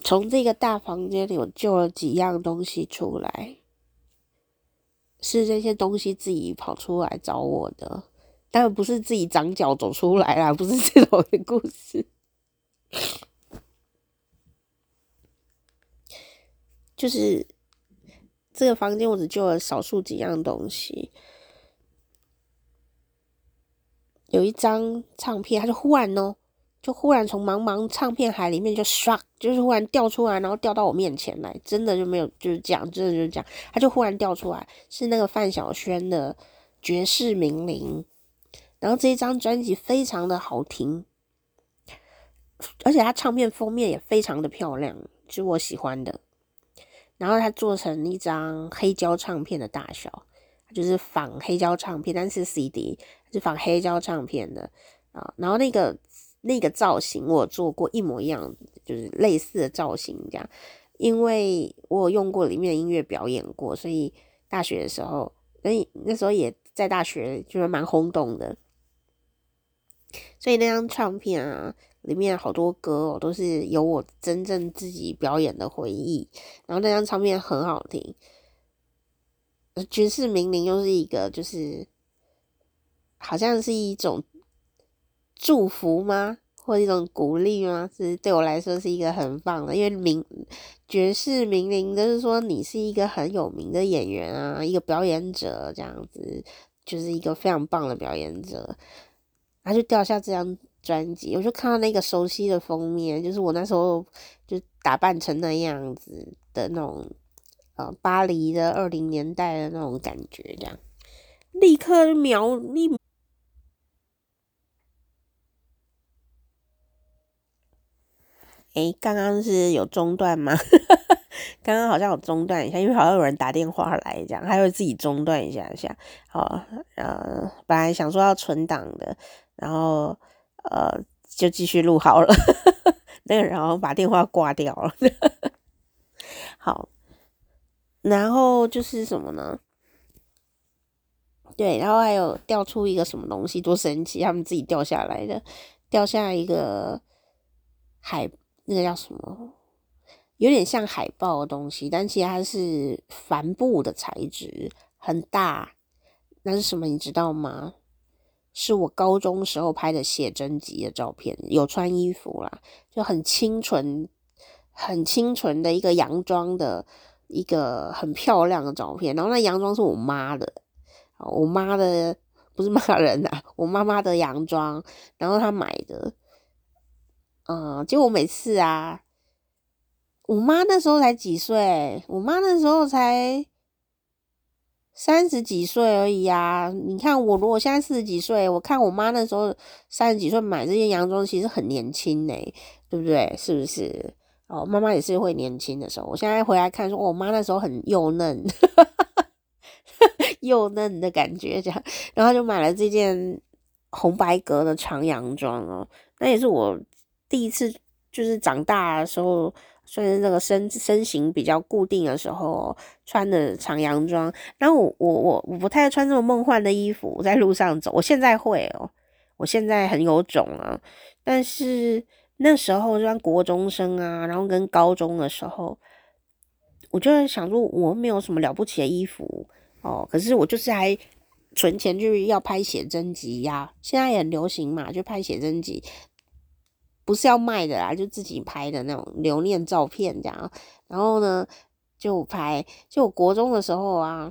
從這個大房間裡，我救了幾樣東西出來，是這些東西自己跑出來找我的，但不是自己長腳走出來啦，不是這種的故事。就是這個房間，我只救了少數幾樣東西。有一張唱片，它就忽然哦、喔，就忽然從茫茫唱片海裡面就刷，就是忽然掉出來，然後掉到我面前來，真的就沒有，就是講真的就是講，它就忽然掉出來，是那個范曉萱的《絕世名伶》，然後這一張專輯非常的好聽，而且它唱片封面也非常的漂亮，是我喜歡的，然後它做成一張黑膠唱片的大小，就是仿黑膠唱片，但是 CD。是仿黑膠唱片的啊，然後那個那個造型我做過一模一樣，就是類似的造型這樣，因為我有用過裡面的音樂表演過，所以大學的時候，那那時候也在大學就是蠻轟動的，所以那張唱片啊，裡面好多歌哦都是有我真正自己表演的回憶，然後那張唱片很好聽，爵士名伶又、就是一個就是。好像是一種祝福嗎？或者一種鼓勵嗎？是對我來說是一個很棒的，因為名爵士名伶就是說你是一個很有名的演員啊，一個表演者這樣子，就是一個非常棒的表演者。他就掉下這張專輯，我就看到那個熟悉的封面，就是我那時候就打扮成那樣子的那種，呃，巴黎的二零年代的那種感覺，這樣立刻秒立哎，剛剛、欸、是有中斷嗎？剛 [LAUGHS] 剛好像有中斷一下，因為好像有人打電話來，這樣還會自己中斷一下一下。好，呃，本來想說要存檔的，然後呃，就繼續錄好了。那個人，然後把電話掛掉了。 [LAUGHS] 好，然後就是什麼呢？對，然後還有掉出一個什麼東西，多神奇！他們自己掉下來的，掉下一個海。那個叫什麼？有點像海報的東西，但其實它是帆布的材質，很大。那是什麼？你知道嗎？是我高中時候拍的寫真集的照片，有穿衣服啦，就很清純，很清純的一個洋裝的，一個很漂亮的照片。然後那洋裝是我媽的，我媽的，不是罵人啊，我媽媽的洋裝，然後她買的。嗯，就我每次啊，我媽那時候才幾歲，我媽那時候才三十幾歲而已呀，啊。你看我如果現在四十幾歲，我看我媽那時候三十幾歲買這件洋裝，其實很年輕哎，欸，對不對？是不是？哦，媽媽也是會年輕的時候。我現在回來看說，哦，我媽那時候很幼嫩， [LAUGHS] 幼嫩的感覺這樣，然後就買了這件紅白格的長洋裝哦，那也是我。第一次就是長大的時候，雖然那個身身形比較固定的時候，穿的長洋裝。然後我我我我不太愛穿這種夢幻的衣服，我在路上走。我現在會哦，我現在很有種啊。但是那時候，像國中生啊，然後跟高中的時候，我就在想說，我沒有什麼了不起的衣服哦。可是我就是還存錢，就是要拍寫真集呀。現在也很流行嘛，就拍寫真集。不是要賣的啦，就自己拍的那種留念照片這樣。然後呢，就拍就我國中的時候啊，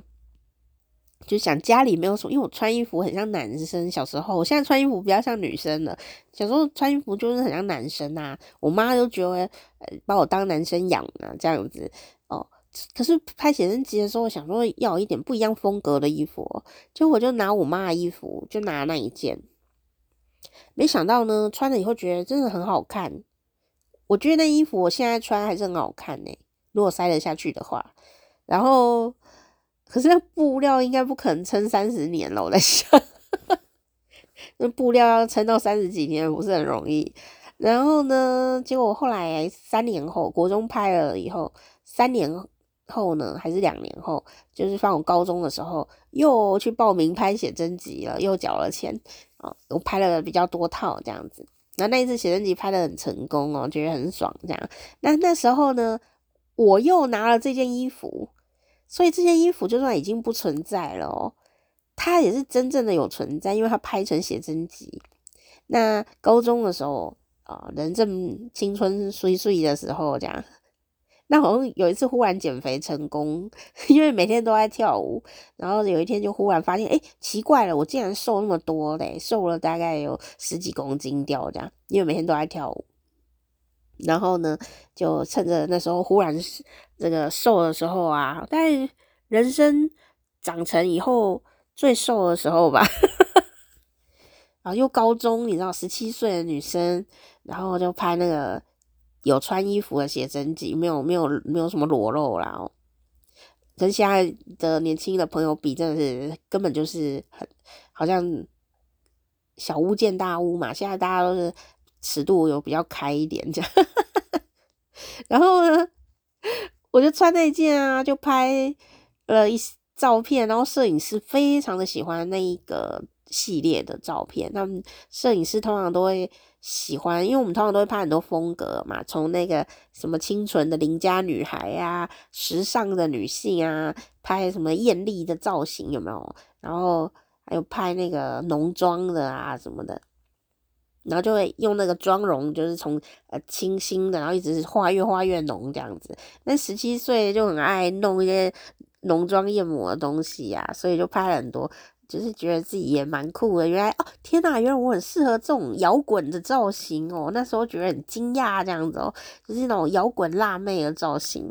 就想家裡沒有什麼，因為我穿衣服很像男生。小時候，我現在穿衣服比較像女生了。小時候穿衣服就是很像男生啊，我媽就覺得，把我當男生養啊這樣子哦。可是拍寫真集的時候，想說要一點不一樣風格的衣服，就我就拿我媽的衣服，就拿那一件。沒想到呢，穿了以後覺得真的很好看。我覺得那衣服我現在穿還是很好看耶。如果塞得下去的話，然後可是那布料應該不可能撐三十年了，我在想， [LAUGHS] 那布料要撐到三十幾年不是很容易。然後呢，結果後來三年後，國中拍了以後，三年後呢還是兩年後，就是放我高中的時候，又去報名拍寫真集了，又繳了錢。哦，我拍了比較多套這樣子，那那一次寫真集拍的很成功哦，覺得很爽這樣。那那時候呢，我又拿了這件衣服，所以這件衣服就算已經不存在了哦，它也是真正的有存在，因為它拍成寫真集。那高中的時候啊，哦，人正青春水水的時候這樣。那好像有一次忽然減肥成功，因為每天都在跳舞，然後有一天就忽然發現，哎、欸，奇怪了，我竟然瘦那麼多嘞，瘦了大概有十幾公斤掉這樣，因為每天都在跳舞。然後呢，就趁着那時候忽然這個瘦的時候啊，但是人生長成以後最瘦的時候吧， [LAUGHS] 然後又高中，你知道，十七歲的女生，然後就拍那個。有穿衣服的寫真集，沒有沒有沒有什麼裸露啦喔。跟現在的年輕的朋友比，真的是根本就是很，好像小巫見大巫嘛。現在大家都是尺度有比較開一點這樣。然後呢，我就穿那件啊，就拍了一照片。然後攝影師非常的喜歡那一個系列的照片。他們攝影師通常都會。喜歡，因為我們通常都會拍很多風格嘛，從那個什麼清純的鄰家女孩呀、啊，時尚的女性啊，拍什麼豔麗的造型有沒有？然後還有拍那個濃妝的啊什麼的，然後就會用那個妝容，就是從呃清新的，然後一直是畫越畫越濃這樣子。那十七歲就很愛弄一些濃妝豔抹的東西呀、啊，所以就拍了很多。就是覺得自己也蠻酷的，原來哦，天哪，原來我很適合這種搖滾的造型哦。那時候覺得很驚訝，這樣子哦，就是那種搖滾辣妹的造型，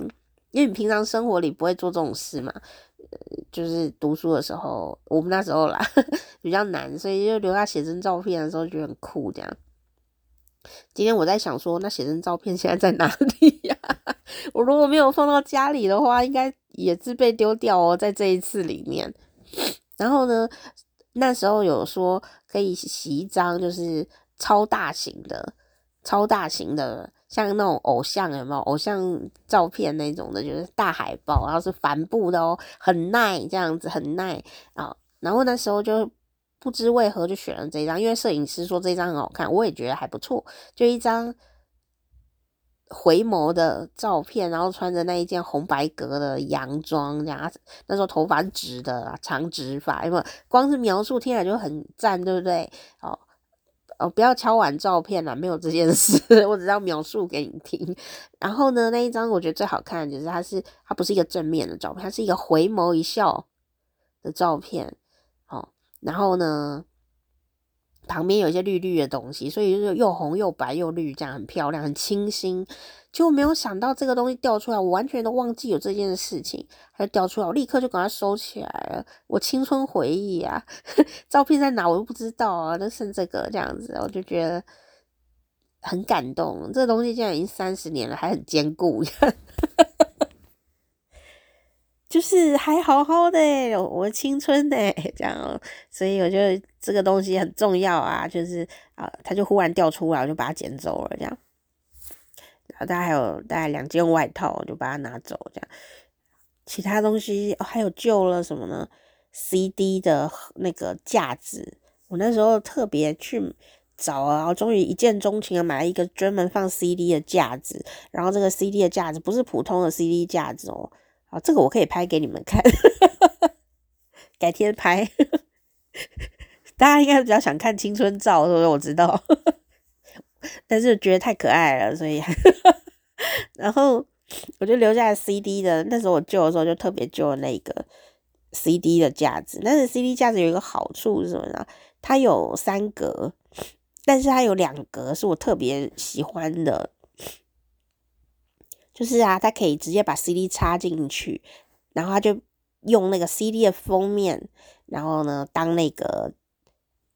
因為你平常生活裡不會做這種事嘛。呃，就是讀書的時候，我們那時候啦，呵呵，比較難，所以就留下寫真照片的時候覺得很酷這樣。今天我在想說，那寫真照片現在在哪裡呀、啊？我如果沒有放到家裡的話，應該也是被丟掉哦。在這一次裡面。然後呢，那時候有說可以洗一張，就是超大型的、超大型的，像那種偶像有沒有？偶像照片那種的，就是大海報，然後是帆布的哦，很耐這樣子，很耐啊、哦。然後那時候就不知為何就選了這張，因為攝影師說這張很好看，我也覺得還不錯，就一張。回眸的照片，然後穿着那一件紅白格的洋裝，然後那時候頭髮是直的長直髮，因為光是描述聽來就很贊，對不對？哦哦，不要敲完照片了，沒有這件事，我只要描述給你聽。然後呢，那一張我覺得最好看，就是它是它不是一個正面的照片，它是一個回眸一笑的照片。哦，然後呢？旁邊有一些綠綠的東西，所以就是又紅又白又綠，這樣很漂亮，很清新。就沒有想到這個東西掉出來，我完全都忘記有這件事情，還掉出來，我立刻就把它收起來了。我青春回憶啊，呵照片在哪我都不知道啊，就剩這個這樣子，我就覺得很感動。這個、東西現在已經三十年了，還很堅固。呵呵就是還好好的，欸，我青春呢，欸，這樣，喔，所以我覺得這個東西很重要啊，就是啊，呃，它就忽然掉出來，我就把它撿走了，這樣。然後大概還有大概兩件外套，我就把它拿走，這樣。其他東西哦，喔，還有舊了什麼呢？CD 的那個架子，我那時候特別去找啊，我終於一見鍾情的買了一個專門放 CD 的架子，然後這個 CD 的架子不是普通的 CD 架子哦，喔。哦，這個我可以拍給你們看，哈哈哈，改天拍。 [LAUGHS] 大家應該比較想看青春照是不是？所以我知道， [LAUGHS] 但是覺得太可愛了，所以，哈哈哈，然後我就留下來 CD 的。那時候我舊的時候就特別舊那個 CD 的架子，但是 CD 架子有一個好處是什麼呢？它有三格，但是它有兩格是我特別喜歡的。就是啊，他可以直接把 CD 插進去，然後他就用那個 CD 的封面，然後呢當那個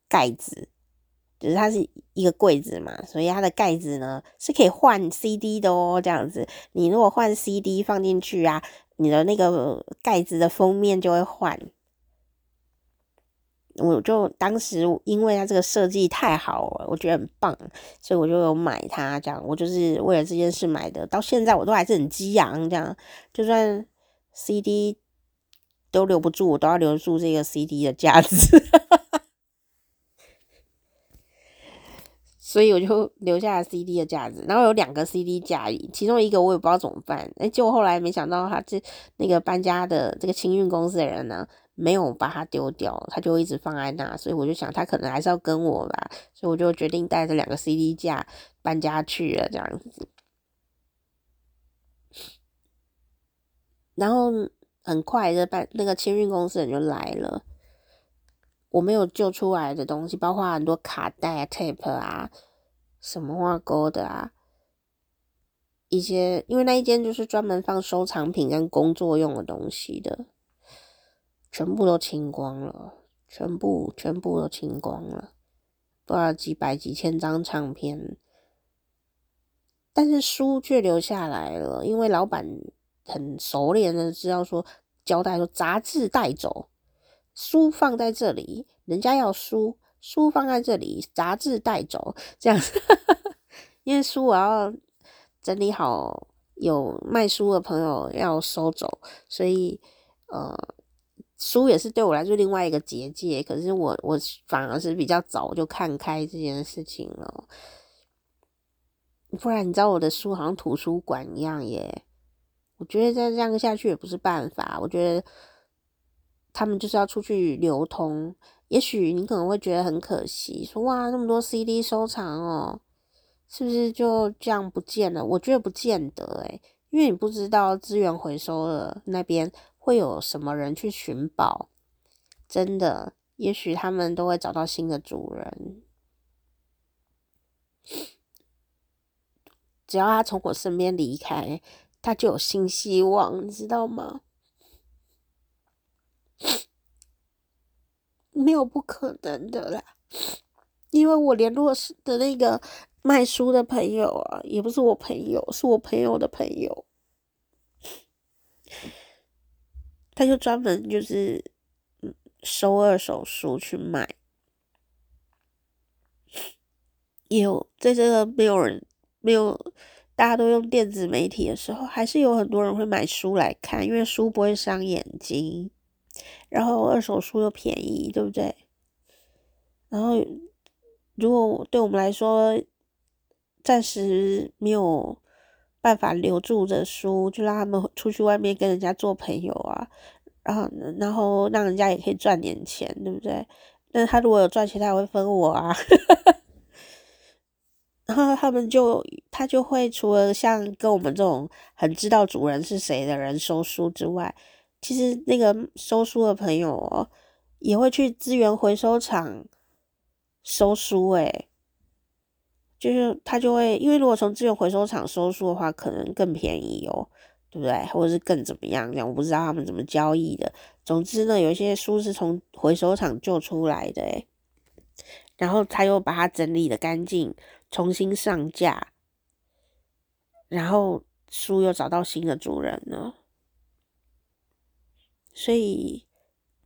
蓋子，就是它是一個櫃子嘛，所以它的蓋子呢是可以換 CD 的哦，這樣子，你如果換 CD 放進去啊，你的那個蓋子的封面就會換。我就當時因為他這個設計太好了，我覺得很棒，所以我就有買它。這樣，我就是為了這件事買的。到現在我都還是很激昂，這樣就算 CD 都留不住，我都要留住這個 CD 的架子。 [LAUGHS] 所以我就留下了 CD 的架子，然後有兩個 CD 架，其中一個我也不知道怎麼辦。結、欸、就後來沒想到，他這那個搬家的這個清運公司的人呢、啊？沒有把它丟掉，它就一直放在那，所以我就想他可能還是要跟我吧，所以我就決定帶着兩個 CD 架搬家去了這樣子。然後很快的搬那個清運公司人就來了，我沒有救出來的東西，包括很多卡帶啊、tape 啊，什麼掛鈎的啊，一些因為那一間就是專門放收藏品跟工作用的東西的。全部都清光了，全部全部都清光了，多少幾百幾千張唱片，但是書卻留下來了，因為老板很熟練的知道說交代說雜誌帶走，書放在這裡，人家要書，書放在這裡，雜誌帶走這樣子， [LAUGHS] 因為書我要整理好，有賣書的朋友要收走，所以呃。書也是對我來說另外一個結界，可是我我反而是比較早就看開這件事情了，不然你知道我的書好像圖書館一樣耶，我覺得再這樣下去也不是辦法，我覺得他們就是要出去流通，也許你可能會覺得很可惜，說哇那麼多 CD 收藏哦，是不是就這樣不見了？我覺得不見得誒，因為你不知道資源回收了那邊，會有什麼人去尋寶？真的，也許他們都會找到新的主人。只要他從我身邊離開，他就有新希望，你知道嗎？沒有不可能的啦，因為我聯絡的那個賣書的朋友啊，也不是我朋友，是我朋友的朋友。他就專門就是嗯收二手書去賣，也有在這個沒有人沒有大家都用電子媒體的時候，還是有很多人會買書來看，因為書不會傷眼睛，然後二手書又便宜，對不對？然後如果對我們來說暫時沒有。辦法留住這書，就讓他們出去外面跟人家做朋友啊，然後然後讓人家也可以賺點錢，對不對？但他如果有賺錢，他會分我啊。 [LAUGHS] 然後他們就他就會除了像跟我們這種很知道主人是誰的人收書之外，其實那個收書的朋友哦，也會去資源回收廠收書哎、欸。就是他就會，因為如果從自由回收廠收書的話，可能更便宜哦，對不對？或者是更怎麼樣？我不知道他們怎麼交易的。總之呢，有一些書是從回收廠救出來的，誒，然後他又把它整理的乾淨，重新上架，然後書又找到新的主人呢。所以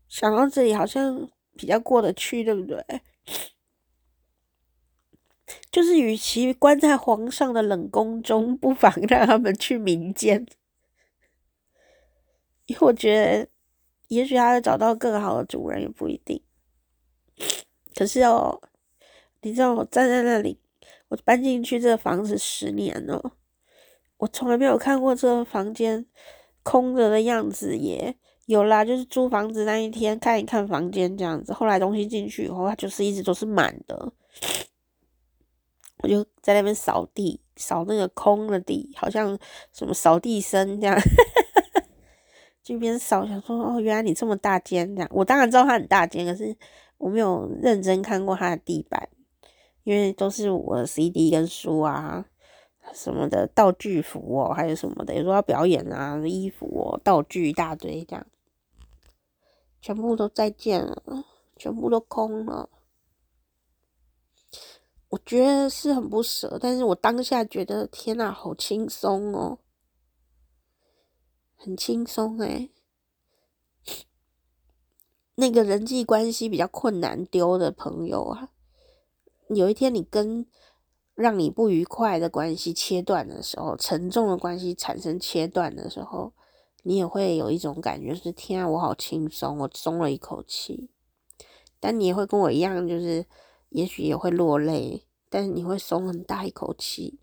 想到這裡，好像比較過得去，對不對？就是與其關在皇上的冷宮中，不妨讓他們去民間。因 [LAUGHS] 為我覺得，也許他會找到更好的主人也不一定。可是哦，你知道我站在那裡，我搬進去這房子十年了，我從來沒有看過這個房間空着的樣子。也有啦、啊，就是租房子那一天看一看房間這樣子，後來東西進去以後，它就是一直都是滿的。我就在那邊掃地，掃那個空的地，好像什麼掃地僧這樣 [LAUGHS] 就，就邊掃，想說哦，原來你這麼大間這樣。我當然知道他很大間，可是我沒有認真看過他的地板，因為都是我的 CD 跟書啊什麼的，道具服哦、喔，還有什麼的，有時候要表演啊，衣服哦、喔、道具一大堆這樣，全部都再見了，全部都空了。我覺得是很不捨，但是我當下覺得天吶，好輕鬆哦，很輕鬆誒，那個人際關係比較困難丟的朋友啊，有一天你跟讓你不愉快的關係切斷的時候，沉重的關係產生切斷的時候，你也會有一種感覺是天啊，我好輕鬆，我鬆了一口氣。但你也會跟我一樣，就是也許也會落淚。但你會鬆很大一口氣，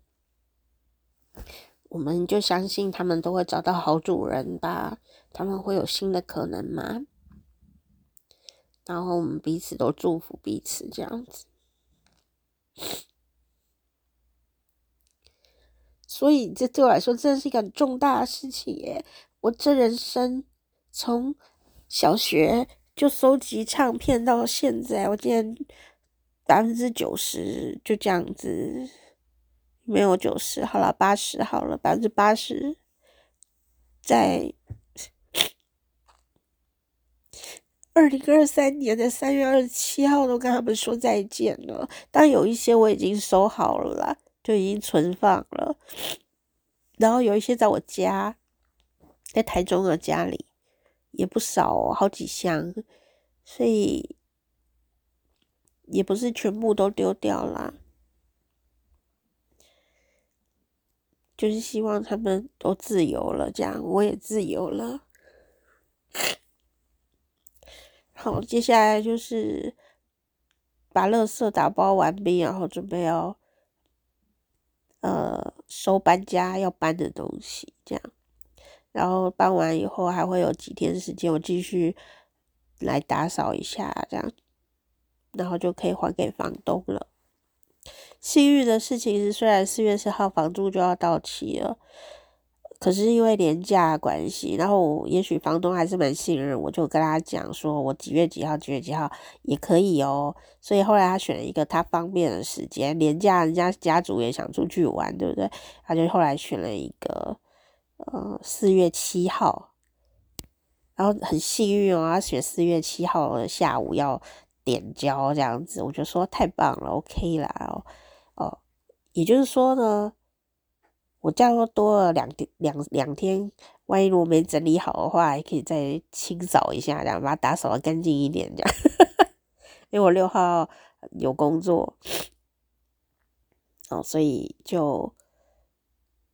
我們就相信他們都會找到好主人吧，他們會有新的可能嗎？然後我們彼此都祝福彼此，這樣子。所以這對我來說真是一個重大的事情耶！我這人生從小學就收集唱片到現在，我竟然。百分之九十就這樣子，沒有九十好，好了，八十好了，百分之八十，在二零二三年的三月二十七號都跟他們說再見了。但有一些我已經收好了啦，就已經存放了，然後有一些在我家，在台中的家裡也不少哦，好幾箱，所以。也不是全部都丟掉啦，就是希望他們都自由了，這樣我也自由了。好，接下來就是把垃圾打包完畢，然後準備要呃收搬家要搬的東西，這樣，然後搬完以後還會有幾天時間，我繼續來打掃一下，這樣。然後就可以還給房東了。幸運的事情是，雖然四月十號房租就要到期了，可是因為連假關係，然後也許房東還是蠻信任我，就跟他講說，我幾月幾號、幾月幾號也可以哦。所以後來他選了一個他方便的時間，連假人家家族也想出去玩，對不對？他就後來選了一個呃四月七號，然後很幸運哦，他選四月七號的下午要。點膠這樣子，我就說太棒了，OK 啦，哦，也就是說呢，我這樣多多了兩天兩兩天，萬一我沒整理好的話，還可以再清掃一下這樣，然後把它打掃的乾淨一點這樣。因為我六號有工作哦，所以就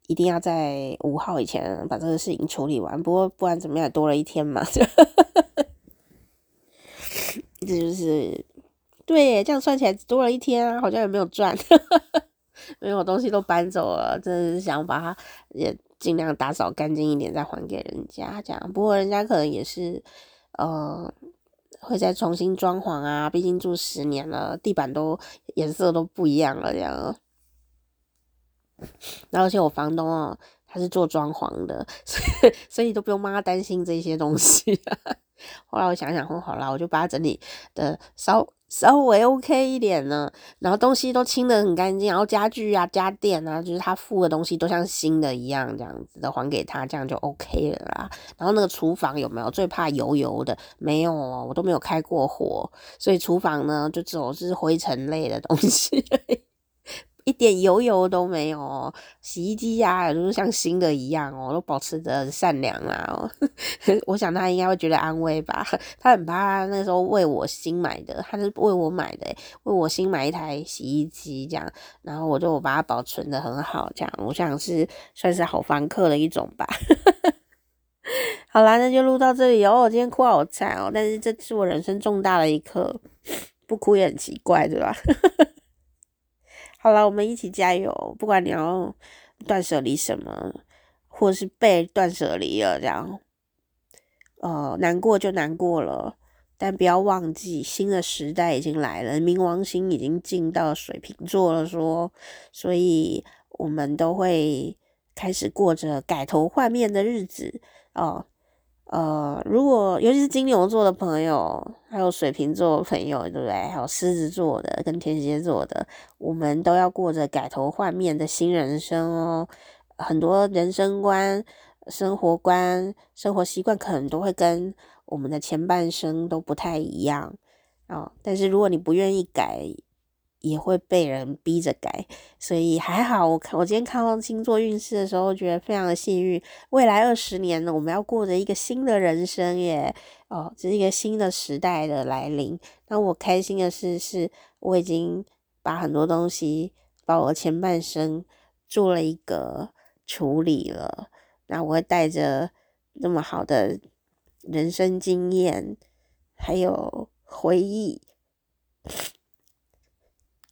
一定要在五號以前把這個事情處理完。不過不然怎麼樣，多了一天嘛。就呵呵呵是不、就是？對，這樣算起來多了一天啊，好像也沒有賺，因為我東西都搬走了，真的是想把它也盡量打掃乾淨一點再還給人家。這樣，不過人家可能也是，嗯、呃，會再重新裝潢啊，畢竟住十年了，地板都顏色都不一樣了，這樣。然後，而且我房東哦。他是做裝潢的，所以所以都不用媽媽擔心這些東西。後來我想想，後好，好啦，我就把它整理的稍稍微 OK 一點呢。然後東西都清得很乾淨，然後家具啊、家電啊，就是他付的東西都像新的一樣，這樣子的還給他，這樣就 OK 了啦。然後那個廚房有沒有最怕油油的？沒有哦、喔，我都沒有開過火，所以廚房呢就只有是灰塵類的東西。一點油油都沒有哦、喔，洗衣機啊都，就是像新的一樣哦、喔，都保持着善良啦、啊、哦、喔。 [LAUGHS] 我想他應該會覺得安慰吧，他很怕那時候為我新買的，他是為我買的，欸，為我新買一台洗衣機這樣，然後我就把它保存的很好，這樣我想是算是好房客的一種吧。 [LAUGHS] 好啦，那就錄到這裡哦、喔，我今天哭好慘哦、喔，但是這是我人生重大的一刻，不哭也很奇怪，對吧？ [LAUGHS] 好了，我們一起加油。不管你要斷舍離什麼，或者是被斷舍離了，這樣，哦、呃，難過就難過了，但不要忘記，新的時代已經來了，冥王星已經進到水瓶座了，說，所以我們都會開始過着改頭換面的日子哦。呃呃，如果尤其是金牛座的朋友，還有水瓶座的朋友，對不對？還有獅子座的跟天蠍座的，我們都要過着改頭換面的新人生哦。很多人生觀、生活觀、生活習慣，可能都會跟我們的前半生都不太一樣哦，呃。但是如果你不願意改，也會被人逼着改，所以還好我。我看我今天看到星座運勢的時候，覺得非常的幸運。未來二十年呢，我們要過着一個新的人生耶！哦，這是一個新的時代的來臨。那我開心的是是，是我已經把很多東西把我前半生做了一個處理了。那我會帶着那麼好的人生經驗，還有回憶。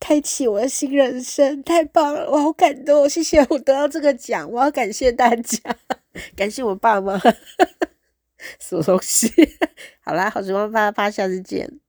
開啟我的新人生，太棒了！我好感動，謝謝我得到這個獎，我要感謝大家，感謝我爸媽，什麼東西？好啦，好，日記啪啪，下次見。